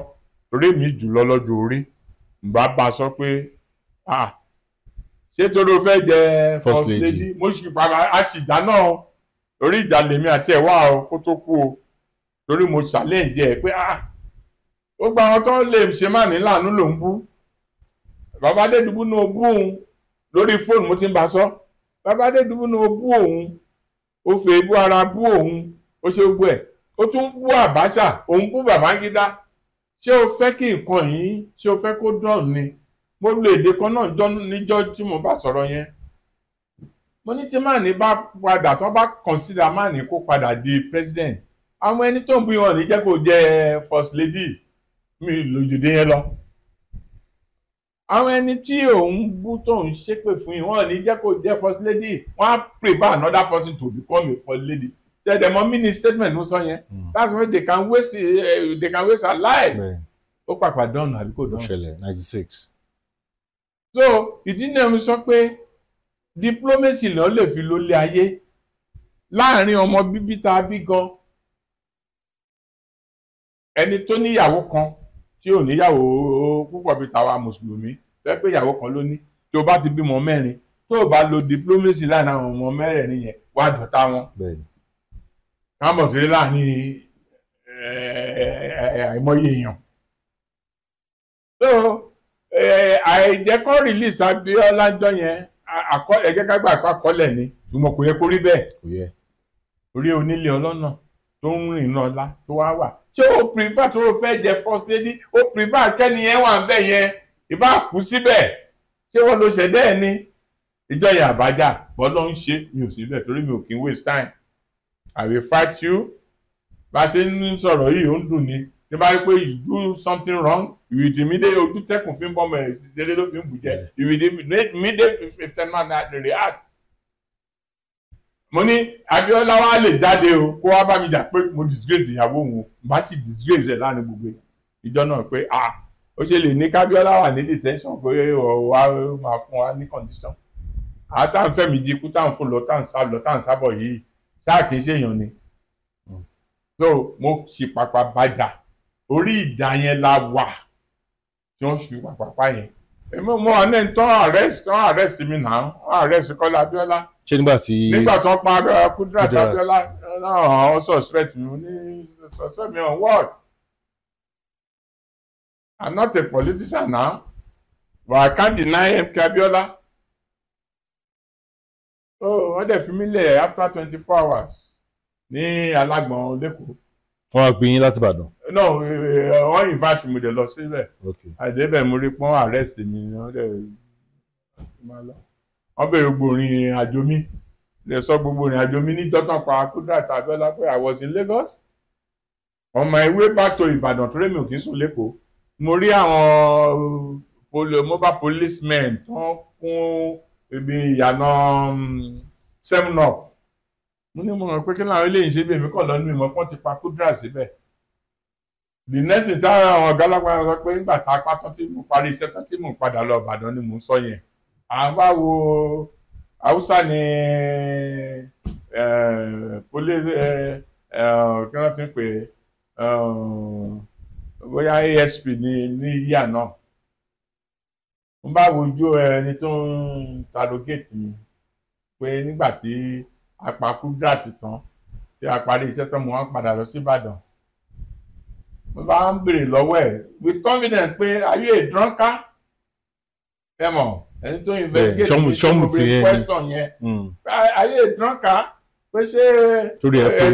rí mi jùlọ lọ́jọ́ orí bá bá sọ pé ṣé toro fẹ́ jẹ first lady mo sì bàbá a sì dáná o torí ìjà lèmi àti ẹ̀ wá o kó tó kú o torí mo ṣàlẹ́ǹjẹ́ ẹ pé ó gba àwọn tó lè ṣe má ní láàánú ló ń bú bàbá Adédùbú ní o bú òun lórí fóònù mo ti ń bá sọ bàbá Adédùbú ní o bú òun ó fẹ́ bú ara bú òun ó ṣe gbọ́ ẹ̀ ó tún bú Àbáṣà òun bú Babangida ṣé o fẹ́ kí nǹkan yìí ṣé o fẹ́ kó dọ̀n ni mo lo èdè kan náà níjọ́ tí mo bá sọ̀rọ̀ yẹn mo ní tí máàní bá padà tó bá consider máàní kó padà di president àwọn ẹni tó ń bí wọn ní jẹ́ kó jẹ́ first lady mi lòjòdè yẹn lọ àwọn ẹni tí òun bú tó ń ṣépè fún yìí wọn ní jẹ́ kó jẹ́ first lady wọn á prefer another person to become a first lady tẹ̀dẹ̀ mọ́ mini statement mo sọ yẹn hmm. that's why they can waste eh, they can waste our life ó pàpà dánù àbí kò dánù. ṣẹlẹ̀ ninety six. so ìdí náà mi sọ pé diplomacy náà lè fi lólé ayé láàrin ọmọ bíbí tá bí gan ẹni tó níyàwó kan tí ò níyàwó púpọ̀ bíi tàwa mùsùlùmí fẹ́ pé ìyàwó kan ló ní tí o bá ti bímọ mẹ́rin tó o bá lo diplomacy láàrin àwọn ọmọ mẹ́rẹ̀ẹ̀rin yẹn wàá dọ̀tá wọn. bẹ́ẹ̀ni káàmọ̀ tó láàrin eh, eh, àìmọye èèyàn. so eh, àìjẹ́kọ́ release Abiola jọ yẹn ẹ̀jẹ̀ ká gbà àkọọ́lẹ̀ ni ṣùgbọ́n kò yẹ kó rí bẹ́ẹ̀ orí onílé ọlọ́nà tó ń rìn náà lá tó wá wà ṣé ó prefer tó fẹ́ jẹ first lady ó prefer kẹ́ni yẹn wà ń bẹ̀ yẹn ìbá kú síbẹ̀ ṣé wọ́n ló ṣẹ̀dá ẹ̀ ni ìjọ yẹn àbájá bọ́lá ń ṣe mi ò síbẹ̀ torí mi ò kí ń waste time. I will fight you. Bá a ṣe ń sọ̀rọ̀ yìí ó ń dùn ni. Ní bá rí pé you do something wrong, you will immediately ojú tẹkùn fi ń bọ́ ọmọ ẹ̀ délé ló fi ń bùjẹ́. You will immediately immediately react. Mo ní Abíọ́lá wa lè jáde o kó wá bá mi jà pé mo disgrace ìyàwó òun bá sì disgrace ẹ̀ láàrin gbogbo ìjọ náà pé ah ó ṣe lè ní kábíọ́lá wà ní detention pé wà máa fún wa ní condition àtàǹfẹ̀mí di ikú táǹfù lọ táǹsá lọ táǹsábọ̀ yìí ṣáà kì í ṣèyàn ni so mo ṣì pàpà bàjà orí ìdá yẹn la wà tí wọ́n ṣu pàpàpà yẹn èmi mo wà ní tán arrest tán arrest mi nà án wọ́n arrest Kọ́lá Abíọ́lá ṣé nígbà tí nígbà tí wọ́n pa eh, Kúdírát Abíọ́lá eh, náà wọ́n suspect mi ní suspect mi on what I'm not a politician now but I can't deny MK Abíọ́lá wọ́n dẹ̀ fi mí lẹ̀ after twenty four hours ní alágbọ̀n lẹ́kọ̀ọ́. wọ́n á pè yín láti Ìbàdàn. no eh, wọ́n invite mi dẹ̀ lọ síbẹ̀ àdébẹ̀ mo rí pọ́n arrest mi wọ́n dẹ̀ wọ́n bèrè gbòòrin àjò mi lè sọ gbogbo ìrìn àjò mi ní dọ́tàn pa Kudrat Abiola pé I was in Lagos on my way back to Ìbàdàn tó rémi òkè sùn lẹ́kọ̀ọ́ mo rí àwọn mobile policemen tó ń kún ebi ìyànà um, seven up mo ní mo mọ̀ pé kí láwọn eléyìí ṣe bí èmi kàn lọ́nu ìmọ̀ pọ́n ti pa kúdírà síbẹ̀ the next thing táwọn àwọn ọ̀gá lápapọ̀ sọ pé nígbà tá a pa tán tí mo parí iṣẹ́ tán tí mo padà lọ Ìbàdàn ni mo ń sọ yẹn à ń bá wo Haúsá ni police kí wọ́n ti pè um, bóyá ASP ní ní yíyà náà mo bá wojú ẹni tó ń tarogéètì mi pé nígbà tí a pa kúdíràtì tán tí a parí iṣẹ́ tán mo wá padà lọ sí Ìbàdàn mo bá ń béèrè lọ́wọ́ ẹ̀ with confidence pé are you a drunkard ẹ mọ̀ ẹni tó investigate mi tó mo béèrè question yẹn hmm. are you a drunkard pé ṣé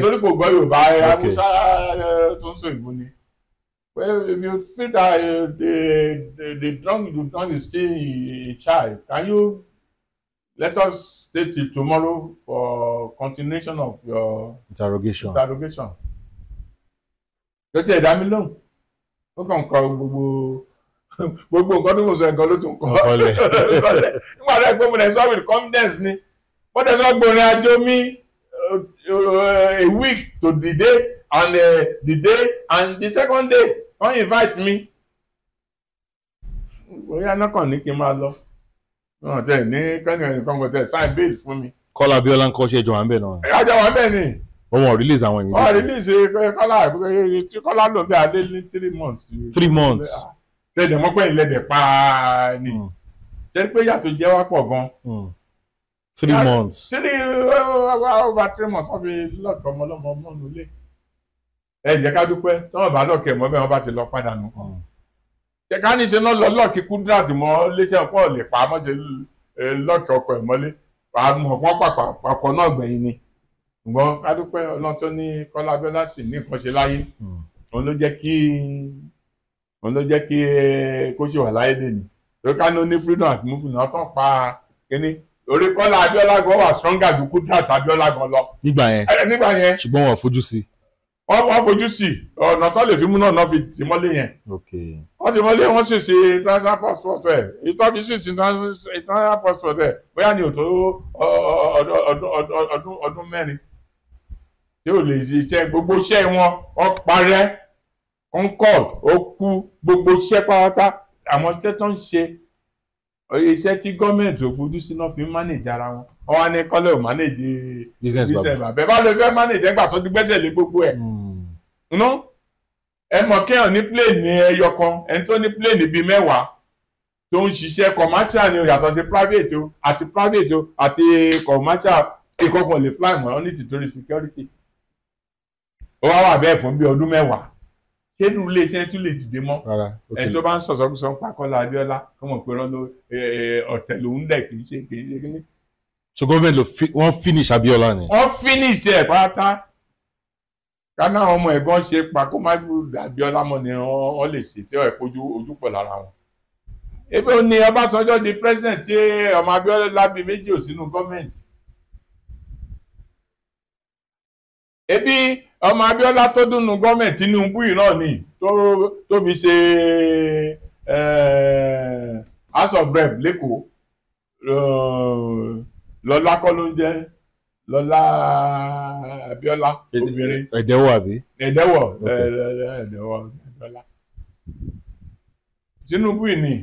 torí kò gbọ́ Yorùbá ẹ̀ Haúsá tó ń sọ ìbò ni well if you feel that uh, the, the the drunk you don is still a child can you let us stay till tomorrow for continuation of your interrogation interrogation ló ti ẹ̀dá mi lóhùn ó kàn kọ gbogbo gbogbo nǹkan tó kò sọ nǹkan ló tún kọ ọlẹ (laughs) nígbà tó ẹgbẹ́ mi lẹ sọ with confidence ni wọ́n tẹ̀ sọ gbòòrìn àjò mi uh, uh, a week to the day and uh, the day and the second day wọ́n invite me. bóyá nákàn ní kí n máa lọ wọn tẹ ní kẹ́nìyàn nìkan kò tẹ sign bail fún mi. Kọ́lá Abíọ́lá ń kọ́ ṣe ẹjọ́ wà ń bẹ̀ náà. ẹjọ́ wà ń bẹ̀ ni. wọ́n wọ́n release àwọn èèyàn. wọ́n release Kọ́lá tí Kọ́lá lò bí adé ní three months. three months. lẹ́dẹ̀ mọ́pẹ́ ìlẹ́dẹ̀ pa ni ṣe pé yàtọ̀ jẹ́ wá pọ̀ gan-an three months. three over three months wọ́n fi lọ́ọ̀kọ́ ọmọ ọlọ́mọ ọmọ ẹ jẹ́ ká dúpẹ́ tọ́wọ́n bá lọ́ọ̀kì mọ́ bẹ́ẹ̀ wọ́n bá ti lọ padà nù. Hmm. ṣé ká ní ṣe náà lọ lọ́ọ̀kì kúndíràtì mọ́ léṣẹ́ ọ̀pọ̀ lè pa mọ́ṣẹ́ lọ́ọ̀kì ọkọ̀ ẹ̀ mọ́lé ọ̀pọ̀ pàpọ̀ náà gbẹ̀yìn ni. ṣùgbọ́n ká dúpẹ́ ọlọ́run tó ní Kọ́lá Abíọ́lá sì ní nǹkan ṣe láyé hmm. òun ló jẹ́ kí òun ló jẹ́ kí kó ṣe wà láyé lè ní. torí ká ní ó ní freedom àti moving náà tán pa kínní orí Kọ́lá Abíọ́lá gan wà stronger ju kúndíràtì Abíọ́lá gan lọ. nígbà yẹn nígbà ṣùgbọ́n wọn fojú sí i wọ́n fojú sí ọ̀nà tó lè fi mú náà fi tì mọ́lé yẹn. wọ́n ti mọ́lé wọ́n sì ṣe international passport ẹ̀ ìtọ́ fi sì ṣe international passport ẹ̀ bóyá ní òtó ọdún mẹ́rin tí ò lè ṣiṣẹ́ gbogbo iṣẹ́ wọn wọ́n parẹ́ concord ó kú gbogbo iṣẹ́ pátá àwọn iṣẹ́ tó ń ṣe iṣẹ́ tí gọ́ọ̀mẹ̀ntì ò fojú sí náà fi ń mánéjì ara wọn wọ́n wá ní kọ́lẹ̀ ò mánéjì bísẹ̀ bàbá bẹ́ẹ̀ bá lè fẹ́ mánéjì ẹgbàá tó ti gbẹ́sẹ̀ lé gbogbo ẹ̀. Hmm nú ẹ mọ̀ kéèyàn ní pléènì ẹyọ kan ẹni tó ní pléènì bíi mẹ́wàá tó ń ṣiṣẹ́ commercial ni yàtọ̀ sí private o àti private o àti commercial ìkọ̀kọ̀ lè fly mọ́ ní tìtorí security ó wá wà bẹ́ẹ̀ fún bí ọdún mẹ́wàá kéèdù ilé iṣẹ́ tún lè dìde mọ́ ẹni tó bá ń sọ̀sọ́kúsọ ń pa Kọ́lá Abíọ́lá kó mọ̀ pé rọ́lọ́ ọ̀tẹ̀ lòún dẹ̀ kì í ṣe kì í ṣe kí ni. so gómìnà wọ́n finish Abíọ́lá ni. wọ́n finish ẹ̀ pátá káná àwọn ọmọ ẹ̀gbọ́n ṣe pa kó má dàbí ọlámọ ni wọ́n lè ṣe tí ọ̀ kojú ojú pọ̀ lára wọn. ebi ó ní Ọbásanjọ́ di president tí ọmọ Abíọ́lá lábí méjì ò sínú gọ́ọ̀mẹ̀ntì. ebi ọmọ Abíọ́lá tó dùnnú gọ́ọ̀mẹ̀ntì Tinubu yìí náà ni tó fi ṣe eh, House of Rep lẹ́kọ̀ọ́ lọ́lákọ́ ló ń jẹ́ lọ́lá abiola obìnrin. ẹ̀dẹ́wọ̀ àbí. ẹ̀dẹ́wọ̀ ẹ̀dẹ́wọ̀ abiola. tinubu ìní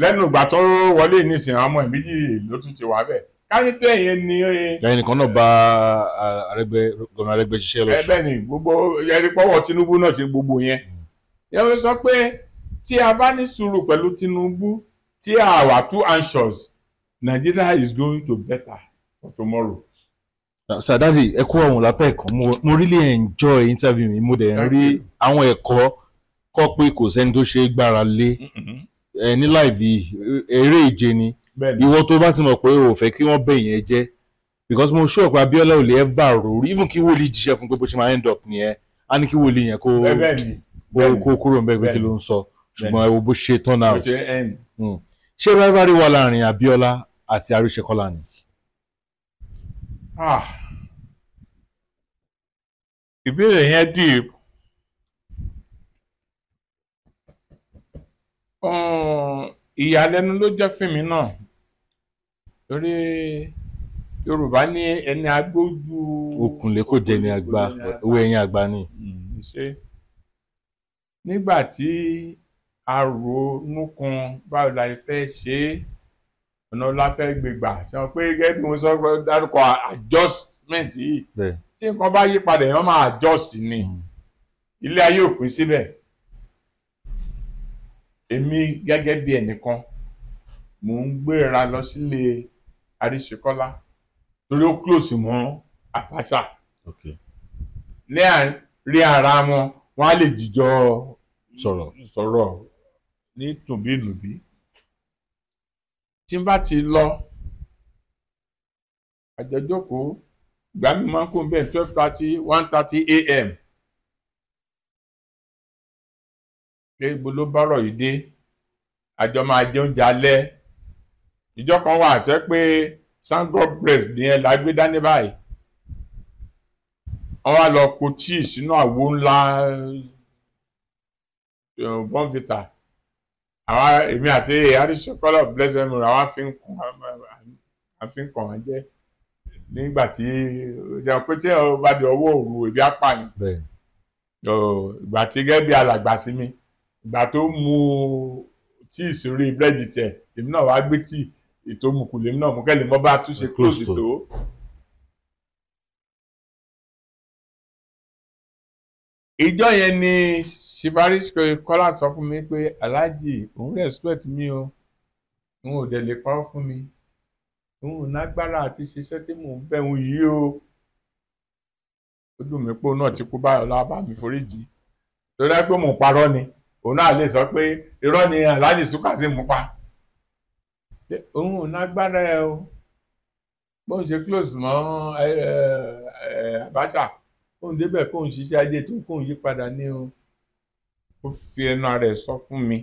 lẹ́nu ìgbà tó wọlé nísìnyí àwọn ọmọ ìbíjì ló tún ti wà bẹ́ẹ̀ kánípẹ́ yẹn ni. ẹyin nìkan náà bá Arẹ́gbẹ́ gómìnà Arẹ́gbẹ́ ṣiṣẹ́ lọ́sùn. ẹ̀bẹ̀ ni gbogbo ẹni pọ́wọ́ tinubu náà ṣe gbogbo yẹn. Mm. yẹn sọ pé tí a bá ní sùúrù pẹ̀lú tinubu tear our two anxious nigeria is going to better for tomorrow. sir sadadi ẹ kú ọ̀hún látẹ̀kọ́ mo really enjoy interview yìí mo dẹ̀ ń rí àwọn pé kò sẹni tó ṣe gbára lé mm-hmm. ẹ ní eré ìje ni ìwọ tó bá ti mọ̀ pé o fẹ́ kí wọ́n bẹ̀ yẹn jẹ́ because mo sure pé abiola ò lè rori even kí wòlíì jíṣẹ́ fún pé bó ṣe máa end up nìyẹn á wo bó ṣe turn out. ṣé rivalry wà láàrin Abiola àti Àríṣekọ́lá ni. Ah. ìbéèrè yẹn deep. ìyàlẹ́nu ló jẹ́ fún mi náà lórí Yorùbá ní ẹni agbójú. okùn lè kò dẹni àgbà owó ẹyin àgbà ni. Mm, nígbà tí a rò ó múkun báwo la fẹ́ ṣe é ọ̀nà la fẹ́ gbégbà ṣe wọn pé gẹ́gẹ́ bí mo sọ pé dárúkọ adjustment yìí tí nǹkan bá yí padà èèyàn máa adjust ni hmm. ilé ayé ò pín síbẹ̀ èmi gẹ́gẹ́ bí ẹnìkan mò ń gbéra lọ sílé Àríṣekọ́lá torí ó close mọ́ Abacha lẹ́àrí ara wọn wọn á lè jíjọ sọ̀rọ̀ ní tùbínùbí tí n bá ti lọ àjọjókòó ìgbà mi máa ń kó bẹ́ẹ̀ twelve thirty one thirty a.m. pé ibo ló bọ́rọ̀ yìí dé àjọ máa jẹ oúnjẹ alẹ́ ìjọ kan wà tẹ́ pé sandrop breast ni ẹ la gbé dání báyìí wọ́n wá lọ kó tíì sínú àwo ńlá eh, bọ́ǹfìtà àwa èmi àti Archbishop of Blessed Memory àwa fi ń kàn án fi ń kàn án jẹ́ nígbà tí ìjọba pé tí ọ̀rọ̀ bá di ọwọ́ òru ebi apààyàn ìgbà tí gẹ́gẹ́ bí alàgbà sí mi ìgbà tó mu tíì sórí búrẹ́dì tẹ̀ èmi náà wá gbé tíì ètò mùkù lèmi náà mú kẹ́lẹ́ mọ́ bá túnṣe close tó ìjọ yẹn ni sifaris kọ́lá sọ fún mi pé aláàjì òun respect mi o òun ò dẹ̀ lè parọ́ fún mi òun ò nágbára àti ṣiṣẹ́ tí mò ń bẹ̀ òun yìí o ó dùn mí pé òun náà ti kú báyọ̀ lábàá mi foríjì torí pé mò ń parọ́ ni òun náà lè sọ pé irọ́ ni aláàjì súnkà sí mú pa òun ò ẹ o bóun ṣe close mọ́ Abacha. Eh, eh, kóun débẹ̀ kóun ṣiṣẹ́ ajé tó kóun yí padà ní o ó fi ẹnu ara sọ fún mi.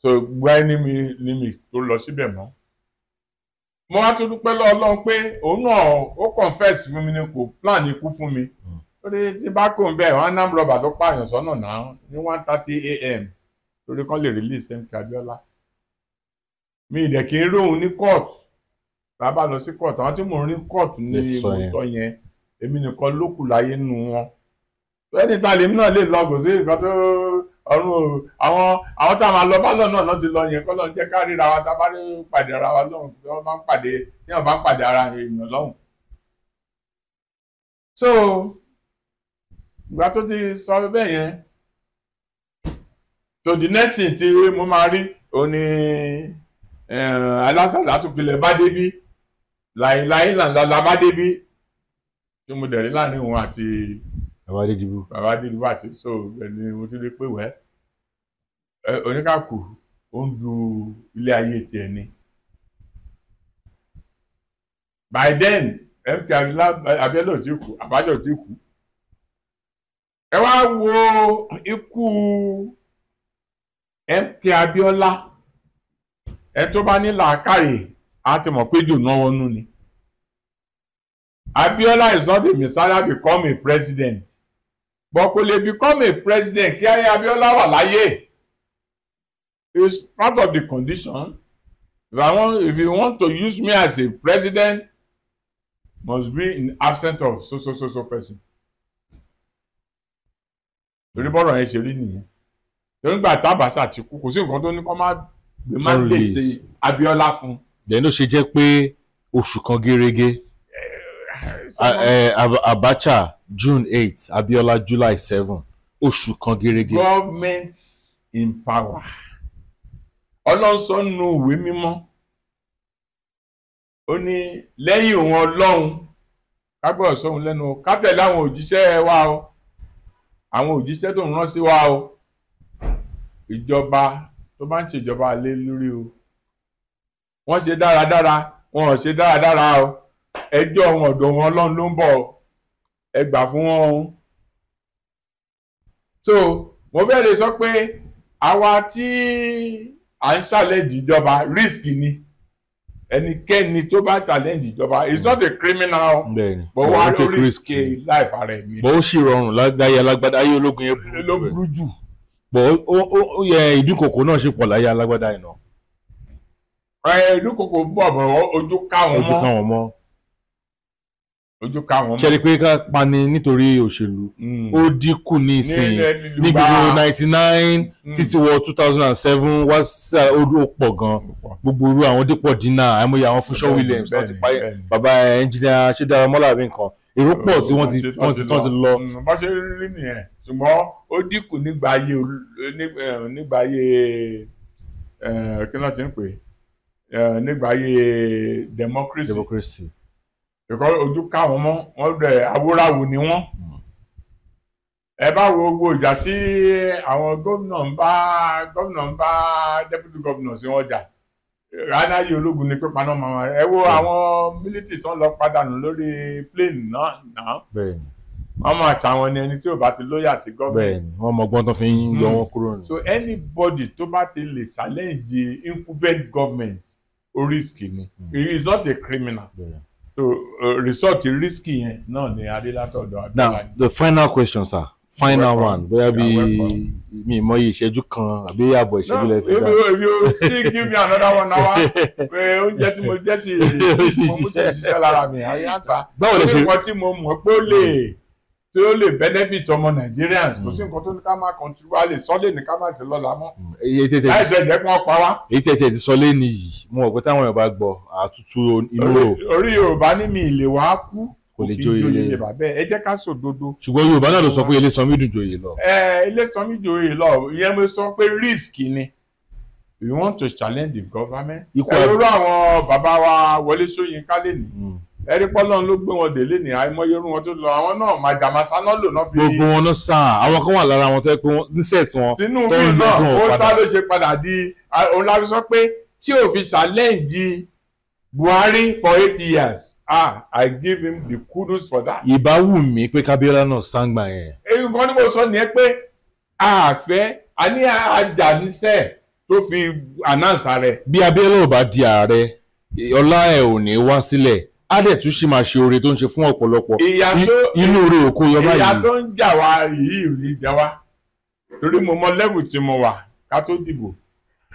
so gbáyé ní mi ní mi tó lọ síbẹ̀ mọ́ mo wá tó dúpẹ́ lọ́ọ́ Ọlọ́run pé òun náà ó confess fún mi ni kò plan ikú fún mi lórí hmm. tí bá kò bẹ́ẹ̀ wọ́n á nàm tó pààyàn sọ́nà one thirty a.m. lórí kan lè release mk Abiola mi ìdẹ̀ kì í ní bàbá lọ sí kóòtù àwọn tí mò ń rí kóòtù ní mo sọ yẹn èmi nìkan ló kù láyé nu wọn ẹni tá a lè náà lè lọ gòsè nǹkan tó ọrùn àwọn àwọn tá a máa lọ bá lọ́nà náà ti lọ yẹn kọ́ lọ́n jẹ́ ká ríra wa tá a bá rí pàdé ara wa lọ́hùn tí wọ́n bá ń pàdé tí wọ́n bá ń pàdé ara èèyàn lọ́hùn. so ìgbà tó ti sọ bẹ́ẹ̀ yẹn so the next thing tí mo máa rí òun ni eh, alásàlátù pilẹ̀ bá débi láìláì làǹlà labádébí tí mo dẹ̀ rí láàrin òun àti babadédìbò babadédìbò àti so ẹni mo tún lè pè wẹ́ oníkàkù ó ń du ilé ayé tiẹ̀ ni by then mp abiola ò ti kú Abacha ò ti kú ẹ wá wo ikú mp abiola ẹ tó bá ní làákàyè a ti mọ̀ pé dùn náwó nú ni. Abiola is not a messiah become a president but kò lè become a president kí ayé Abiola wà láyé It's part of the condition if want if you want to use me as a president must be in absence of so so so so person torí bọ́rọ̀ yẹn ṣe rí nìyẹn torí gbà tábàṣà ti kò sí nǹkan tó ní kó má gbé má lè ṣe Abiola fún un then ló ṣe jẹ́ pé oṣù kan gẹ́rẹ́gẹ́ eh, eh, eh, Abacha June eight Abiola July seven oṣù kan gẹ́rẹ́gẹ́. government in power ọlọ́sọ nu ìwé mímọ́ ó ní lẹ́yìn òun ọlọ́run kágbọ́dọ̀ sọ́hun lẹ́nu o ká tẹ̀lé àwọn òjíṣẹ́ wa o àwọn òjíṣẹ́ tó ń rán sí wa o ìjọba tó bá ń ṣèjọba lé lórí o wọ́n ṣe dáradára wọn ò ṣe dáradára o ẹjọ́ wọn ọ̀dọ̀ wọn ọlọ́run ló ń bọ̀ ẹ gbà fún wọn o. so mo fẹ́ lè sọ pé àwa tí à ń challenge ìjọba risk ni ẹnikẹ́ni tó bá challenge ìjọba it's not a criminal but wà ló risk life ara ẹ̀mí. bó ṣì rọrùn láyé alágbádá ayé ológun yẹn burú jù bó ìdúnkòkò náà ṣe pọ̀ láyé alágbádá yìí náà inú kòkò bọ̀ bọ̀ ojú káwọn mọ́ ojú káwọn mọ́ ojú káwọn mọ́ ṣẹ́ni pé ká pani nítorí òṣèlú hmm. ó dínkù ní ìsìn ní gbogbo ninety nine hmm. títí wọ two thousand and seven wá sí ó pọ̀ gan gbogbo irú àwọn dípọ̀ dínà àìmọye àwọn Fúnṣọ́ Williams láti parí bàbá ẹnjìnìà ṣé dára mọ́lá àbí nǹkan èrò pọ̀ tí wọ́n ti tán ti lọ. Hmm, bá ṣe rí nìyẹn ṣùgbọ́n ó dínkù nígbà ayé nígbà ayé eh, kí ló ti ń pè é nígbàáyé democracy. democracy. ìkọ́ ojú káwọn mọ́ wọ́n dẹ̀ awúráwù ni wọ́n. Hmm. ẹ bá wo gbogbo ìjà tí àwọn gómìnà ń bá gómìnà ń bá deputy governor sí wọn jà ránáyé ológun ni pé paná màmá ẹ wo hmm. àwọn military tó ń lọ padànù lórí plane náà náà wọ́n máa ṣàwọn ni ẹni tí ò bá ti lóyà sí gọ́ọ̀mẹ̀ntì. bẹ́ẹ̀ni wọ́n mọ ọgbọ́n tó fi ń yọ hmm. wọn kúrò. so anybody tó bá ti lè challenge the incumbent government risk ni hmm. is not a criminal so uh, result risk yẹn náà ni adélatọ̀dọ̀ abdulai. now the final question sir final welcome. one bóyá bí mi mọ iye ìṣẹ́jú kan àbí àbọ̀ ìṣẹ́jú lẹ fẹ́ dá. if you still give me another one hour (laughs) pé oúnjẹ tí mo jẹ́ sí mo mú sí ṣiṣẹ́ lára mi àyànṣá. báwo lè ṣe báwo lè ṣe tí mo mọ̀ pé ó lè tí ó lè benefit ọmọ Nigerians kò sí hmm. nǹkan tó ní ká máa contribute a lè sọ lé ní ká máa ti lọ́la mọ́ hmm. láìsẹ̀ jẹ́ kí wọ́n pa wá. èyí tètè ti sọ lé nìyí mo mọ̀ pé táwọn Yorùbá gbọ́ àtútù inú rò. orí Yorùbá ní mi ìlè wá kú kò lè joyè lè bàbá ẹ jẹ́ ká sòdodo. ṣùgbọ́n Yorùbá náà ló sọ pé Ilésanmí dùn joyè lọ. ẹ Ilésanmí joyè lọ ìyẹn mo sọ pé risk ni we want to challenge the government. ikú ẹ lórí àwọn bàbá wa Wọlé Ṣóyínká lè ní hmm ẹ̀rí pọ́lọ́n ló gbé wọn délé ní àìmọye irun wọn tó lọ àwọn náà màjàmásá náà lò náà fi. gbogbo wọn ló sá àwọn kan wà lára wọn tó yẹ pé ní set wọn. Tinubu náà ó sá ló ṣe padà di òun la fi sọ pé tí ò fi ṣàlẹ́ǹdì Buhari for eight years ah I give him the kudos for that. ìbá wù mí pé Kábíọ́lá náà sáǹgbà yẹn. nǹkan ni mo sọ nìyẹn pé àfẹ́ àní àjàníṣẹ́ tó fi announce ààrẹ. bí Abíọ́lá ò bá di ààrẹ ọlá ẹ̀ ò ní wá sílẹ̀ á dẹ̀ tún ṣì máa ṣe oore tó ń ṣe fún ọ̀pọ̀lọpọ̀ inú rẹ̀ ò kó yọ báyìí. ìyá tó ń jà wá yìí ò ní jà wá torí mo mọ lẹ́wù tí mo wà ká tó dìbò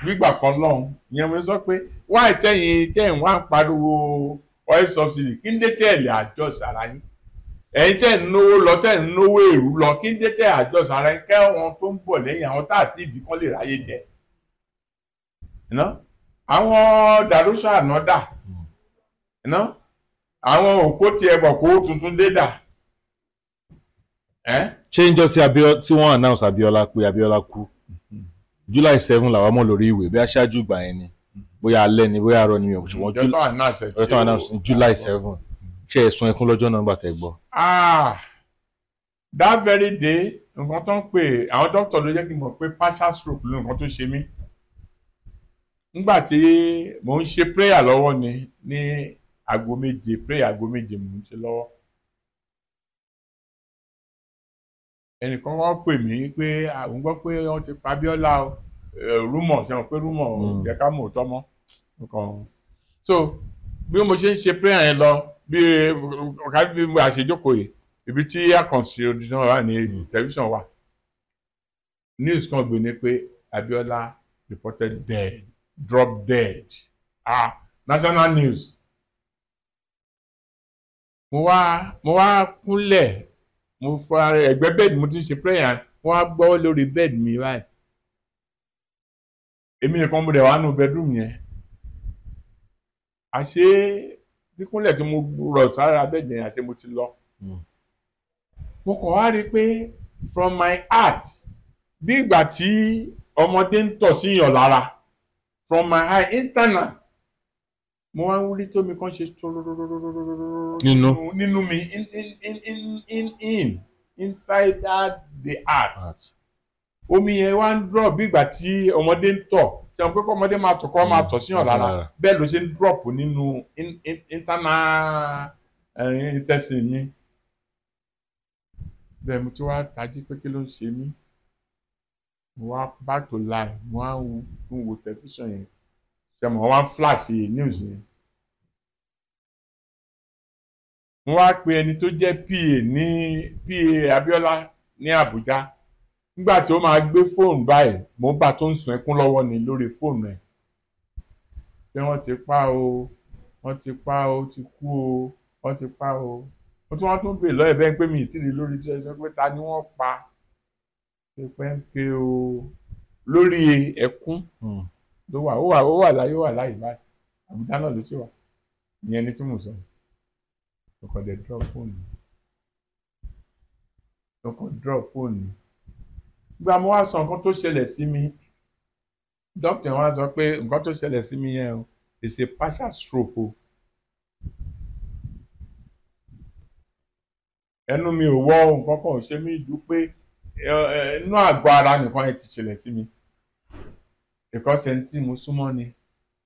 gbígbà fún ọlọ́run ìyẹn mo sọ pé wá ìtẹ̀yìn tẹ̀yìn wá ń pariwo oil subsidy kí ń dé tẹ̀lé àjọ sára yín ẹ̀yin tẹ̀ ń náwó lọ tẹ̀ ń náwó èrú lọ kí ń dé tẹ̀ àjọ sára yín kẹ́wọn tó ń bọ̀ lẹ́yìn àwọn tá àti ìbí kan lè ráyè jẹ àwọn dàrúṣà ànádà àwọn òkó tí ẹ bọ̀ kó tuntun dé dà. ṣé njọ́ tí Abíọ́lá tí wọ́n announce Abíọ́lá pé Abíọ́lá kú July seven làwọn mọ̀ lórí ìwé bí aṣáájú ìgbà yẹn ni bóyá alẹ́ ni bóyá arọ ni mi ò ṣùgbọ́n ọjọ́ tó announce July seven ṣe ẹ̀sùn ẹkún lọ́jọ́ náà gbà tẹ́ gbọ́. Ah! that very day nǹkan tó ń pè àwọn dókítà ló jẹ́ kí n mọ̀ pé partial stroke ló nǹkan tó ṣe mí nígbà tí mò ń ṣe prayer lọ́wọ́ ni ní aago méje prayer aago méje mò ń ṣe lọ́wọ́. ẹnìkan wọ́n pè mí pé àwọn gbọ́ pé wọ́n ti pa Abíọ́lá o rúmọ̀ ṣe mọ̀ pé rúmọ̀ ò hmm. jẹ́ ká mọ̀ tọ́mọ́ nǹkan so bí mo ṣe ń ṣe prayer yẹn lọ bí ọ̀ká bí mo àṣejókòó yìí ibi tí àkànṣe ojúṣan wà ní hmm. tẹlifíṣàn wà news kan gbé ni pé Abíọ́lá reported dead drop dead ah national news mo wá mo wá kúnlẹ̀ mo fa ẹ̀gbẹ́ bẹ́ẹ̀dì mo ti ń ṣe prayer wọ́n á gbọ́ lórí bẹ́ẹ̀dì mi báyìí èmi nìkan mo dẹ̀ wá nù bedroom yẹn àṣé kíkúnlẹ̀ tí mo rọ̀ sára bẹ́ẹ̀dì yẹn àṣé mo ti lọ hmm. mo kàn wá rí i pé from my heart bí ìgbà tí ọmọdé ń tọ̀ síyàn lára from my eye internal mo wá ń rí tómi kan ṣe tororororororo nínú mi in in in in in inside that the heart omi yẹn wá ń drop bí ìgbà tí ọmọdé ń tọ̀ ṣe pé kọ́ ọmọdé máa tọ̀ kọ́ máa hmm. tọ̀ síyàn lára bẹ́ẹ̀ ló ṣe ń drop nínú internal eh, intestine mi bẹ́ẹ̀ mo ti wá tají pé kí ló ń ṣe mí mo wá back to life mo wá ń wo tẹlifíṣàn yẹn ṣe mọ̀ wọ́n flash news yẹn wọ́n wá pe ẹni tó jẹ́ pa ní pa Abiola ní Àbújá nígbà tí ó máa gbé fóònù báyìí mo bá tó ń sun ẹkún lọ́wọ́ ni lórí fóònù ẹ̀ pé wọ́n ti pa o wọ́n ti pa o ti kú o wọ́n ti pa o ó tún wọ́n tún bèè lọ́yẹ̀ bẹ́ẹ̀ pé mi ì tíì lórí iṣẹ́ pé ta ni wọ́n pa ṣe pé o lórí ẹkún. Hmm ló wà ó wà ó wà láyé ó wà láyé báyìí àbújá náà ló ti wà ìyẹn ni tí mò ń sọ ọkọ̀ dẹ̀ drop fóònù ọkọ̀ drop fóònù gba mo wá sọ nǹkan tó ṣẹlẹ̀ sí mi dókítà wa sọ pé nǹkan tó ṣẹlẹ̀ sí mi yẹn o is partial stroke o ẹnu mi ò wọ́ nǹkan kan ò ṣe mí dúpẹ́ inú àgọ́ ara nìkan ẹ ti ṣẹlẹ̀ sí mi because ẹni tí mo súnmọ́ ni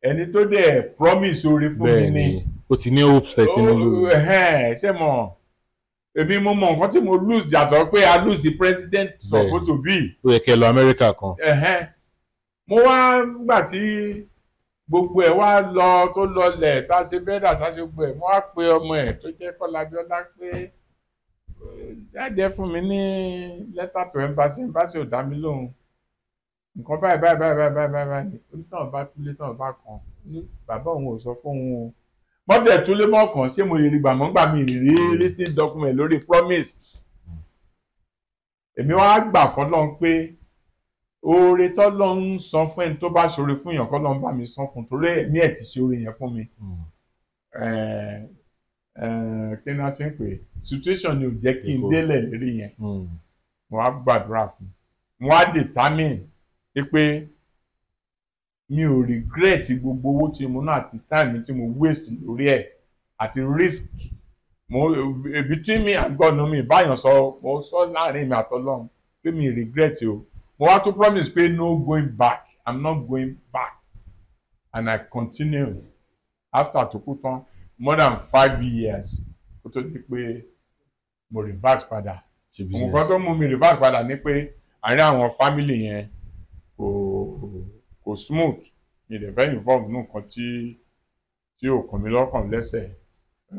ẹni tó dẹ̀ promise oore fún mi ni o ti ní hopes tẹ̀sí ní oh, lórí. ṣé mo èmi mo mọ nǹkan tí mo lose yàtọ̀ pé i lose the president supposed to be. ó yẹ kí ẹ lọ amẹ́ríkà kan. mo wá gbà tí gbogbo ẹ̀ wá lọ tó lọlẹ̀ tá a ṣe bẹ́ẹ̀dà tá a ṣe gbogbo ẹ̀ mo wá pe ọmọ ẹ̀ tó jẹ́ kọ́lá abíọ́lá pé jáde fún mi ní lẹ́tà tó ẹ̀ ń bá ṣe ń bá ṣe ò dá mi lóhùn nǹkan báyìí báyìí báyìí báyìí báyìí báyìí báyìí onítàn bá kúlé tàn bá kàn ní bàbá òun ò sọ fóun o mọ́tẹ̀ tó lé mọ́kàn ṣé mo lè rí gbàmọ́ gbà mí rí written document lórí promise èmi wá gbà fọlọ́n pé oore tọ́lọ́ ń san fún ẹni tó bá ṣoore fún èèyàn kọ́ ló ń bá mi san fún torí ẹ̀mí ẹ̀ ti ṣe oore yẹn fún mi hmm. kí ni a ti ń pè situation ni ò jẹ́ kí n délẹ̀ lérí yẹn hmm. mo wá gbàdúrà fún mo wá determine pé mi ò regret gbogbo owó tí mo ná àti time tí mo waste lórí ẹ̀ àti risk mo between me and God mi báyọ̀ sọ mo sọ láàrin mi àtọ́lọ́run pé mi regret o mo wá tún promise pé no going back I'm not going back and I continue after tó kú tán more than five years kó tó di pé mo reverse padà nǹkan tó mú mi reverse padà ni pé àárín àwọn family yẹn kò kò smooth mi lè fẹ́ involve nù nǹkan tí tí ò kàn mí lọ́kàn lẹ́sẹ̀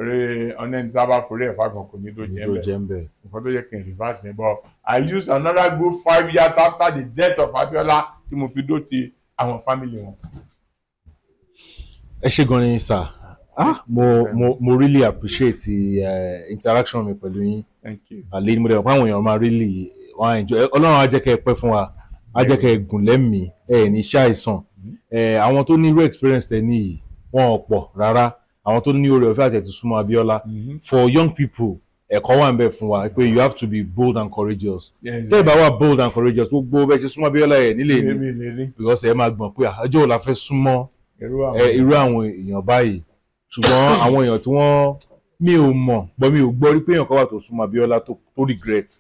eré ọ̀nẹ́ni tá a bá forí ẹ̀ fagbọ̀n kò ní ló jẹ́ bẹ̀ nǹkan tó yẹ kí n reverse ni but I used another group five years after the death of Abiola tí mo fi dóte àwọn family wọn. ẹ ṣe gan ni sir ah mo mo mo really appreciate the uh, interaction mi pẹ̀lú yín àlè mo dẹ̀ wọ́n àwọn èèyàn máa really wọ́n á enjoy ọlọ́run á jẹ́ kẹ́ ẹ pẹ́ fún wa ajẹ́kẹ́ ẹ̀gùn lẹ́mìí ẹ̀ ní ṣàìsàn ẹ̀ àwọn tó ní irú experience tẹ̀ níyì wọn ò pọ̀ rárá àwọn tó ní oore ọ̀fẹ́ àtẹ̀tù súnmọ́ Abíọ́lá mhm. for young people ẹ̀kọ́ wà ń bẹ̀ fún wa pé you have to be bold and courageous tẹ́ ẹ bá wà bold and courageous gbogbo bẹ́ẹ̀ ṣe súnmọ́ Abíọ́lá ẹ̀ nílé mi because ẹ máa gbọ̀n pé àjọ ah, òla fẹ́ súnmọ́ irú àwọn èèyàn báyìí ṣùgbọ́n àwọn èèyàn tí wọ́n mi ò mọ̀ gbọ́n mi ò gbọ́ rí pé èèyàn kan wà tó súnmọ́ Abíọ́lá tó regret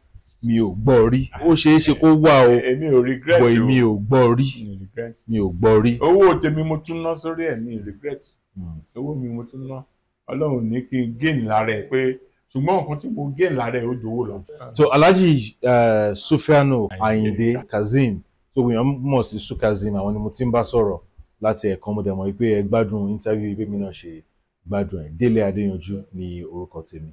mi ò gbọ́ rí ó ṣeé ṣe kó wà o eh, èmi ò o mi ò gbọ́ rí mi ò gbọ́ rí. owó tèmi mo tún ná sórí ẹ̀ mi regret owó mi mo tún ná ọlọ́run ní kí n gain lára ẹ̀ pé ṣùgbọ́n nǹkan tí mo gain lára ẹ̀ ó dowó lọ. so Alhaji uh, Sufyanu Ayinde Kazeem tó gbìyànjú mọ̀ sí Su Kazeem àwọn ni mo ti ń bá sọ̀rọ̀ láti ẹ̀kan mo dẹ̀ mọ̀ pé ẹ gbádùn interview ibi mi náà ṣe gbádùn ẹ̀ Délé Adéyanjú ni orúkọ tèmi.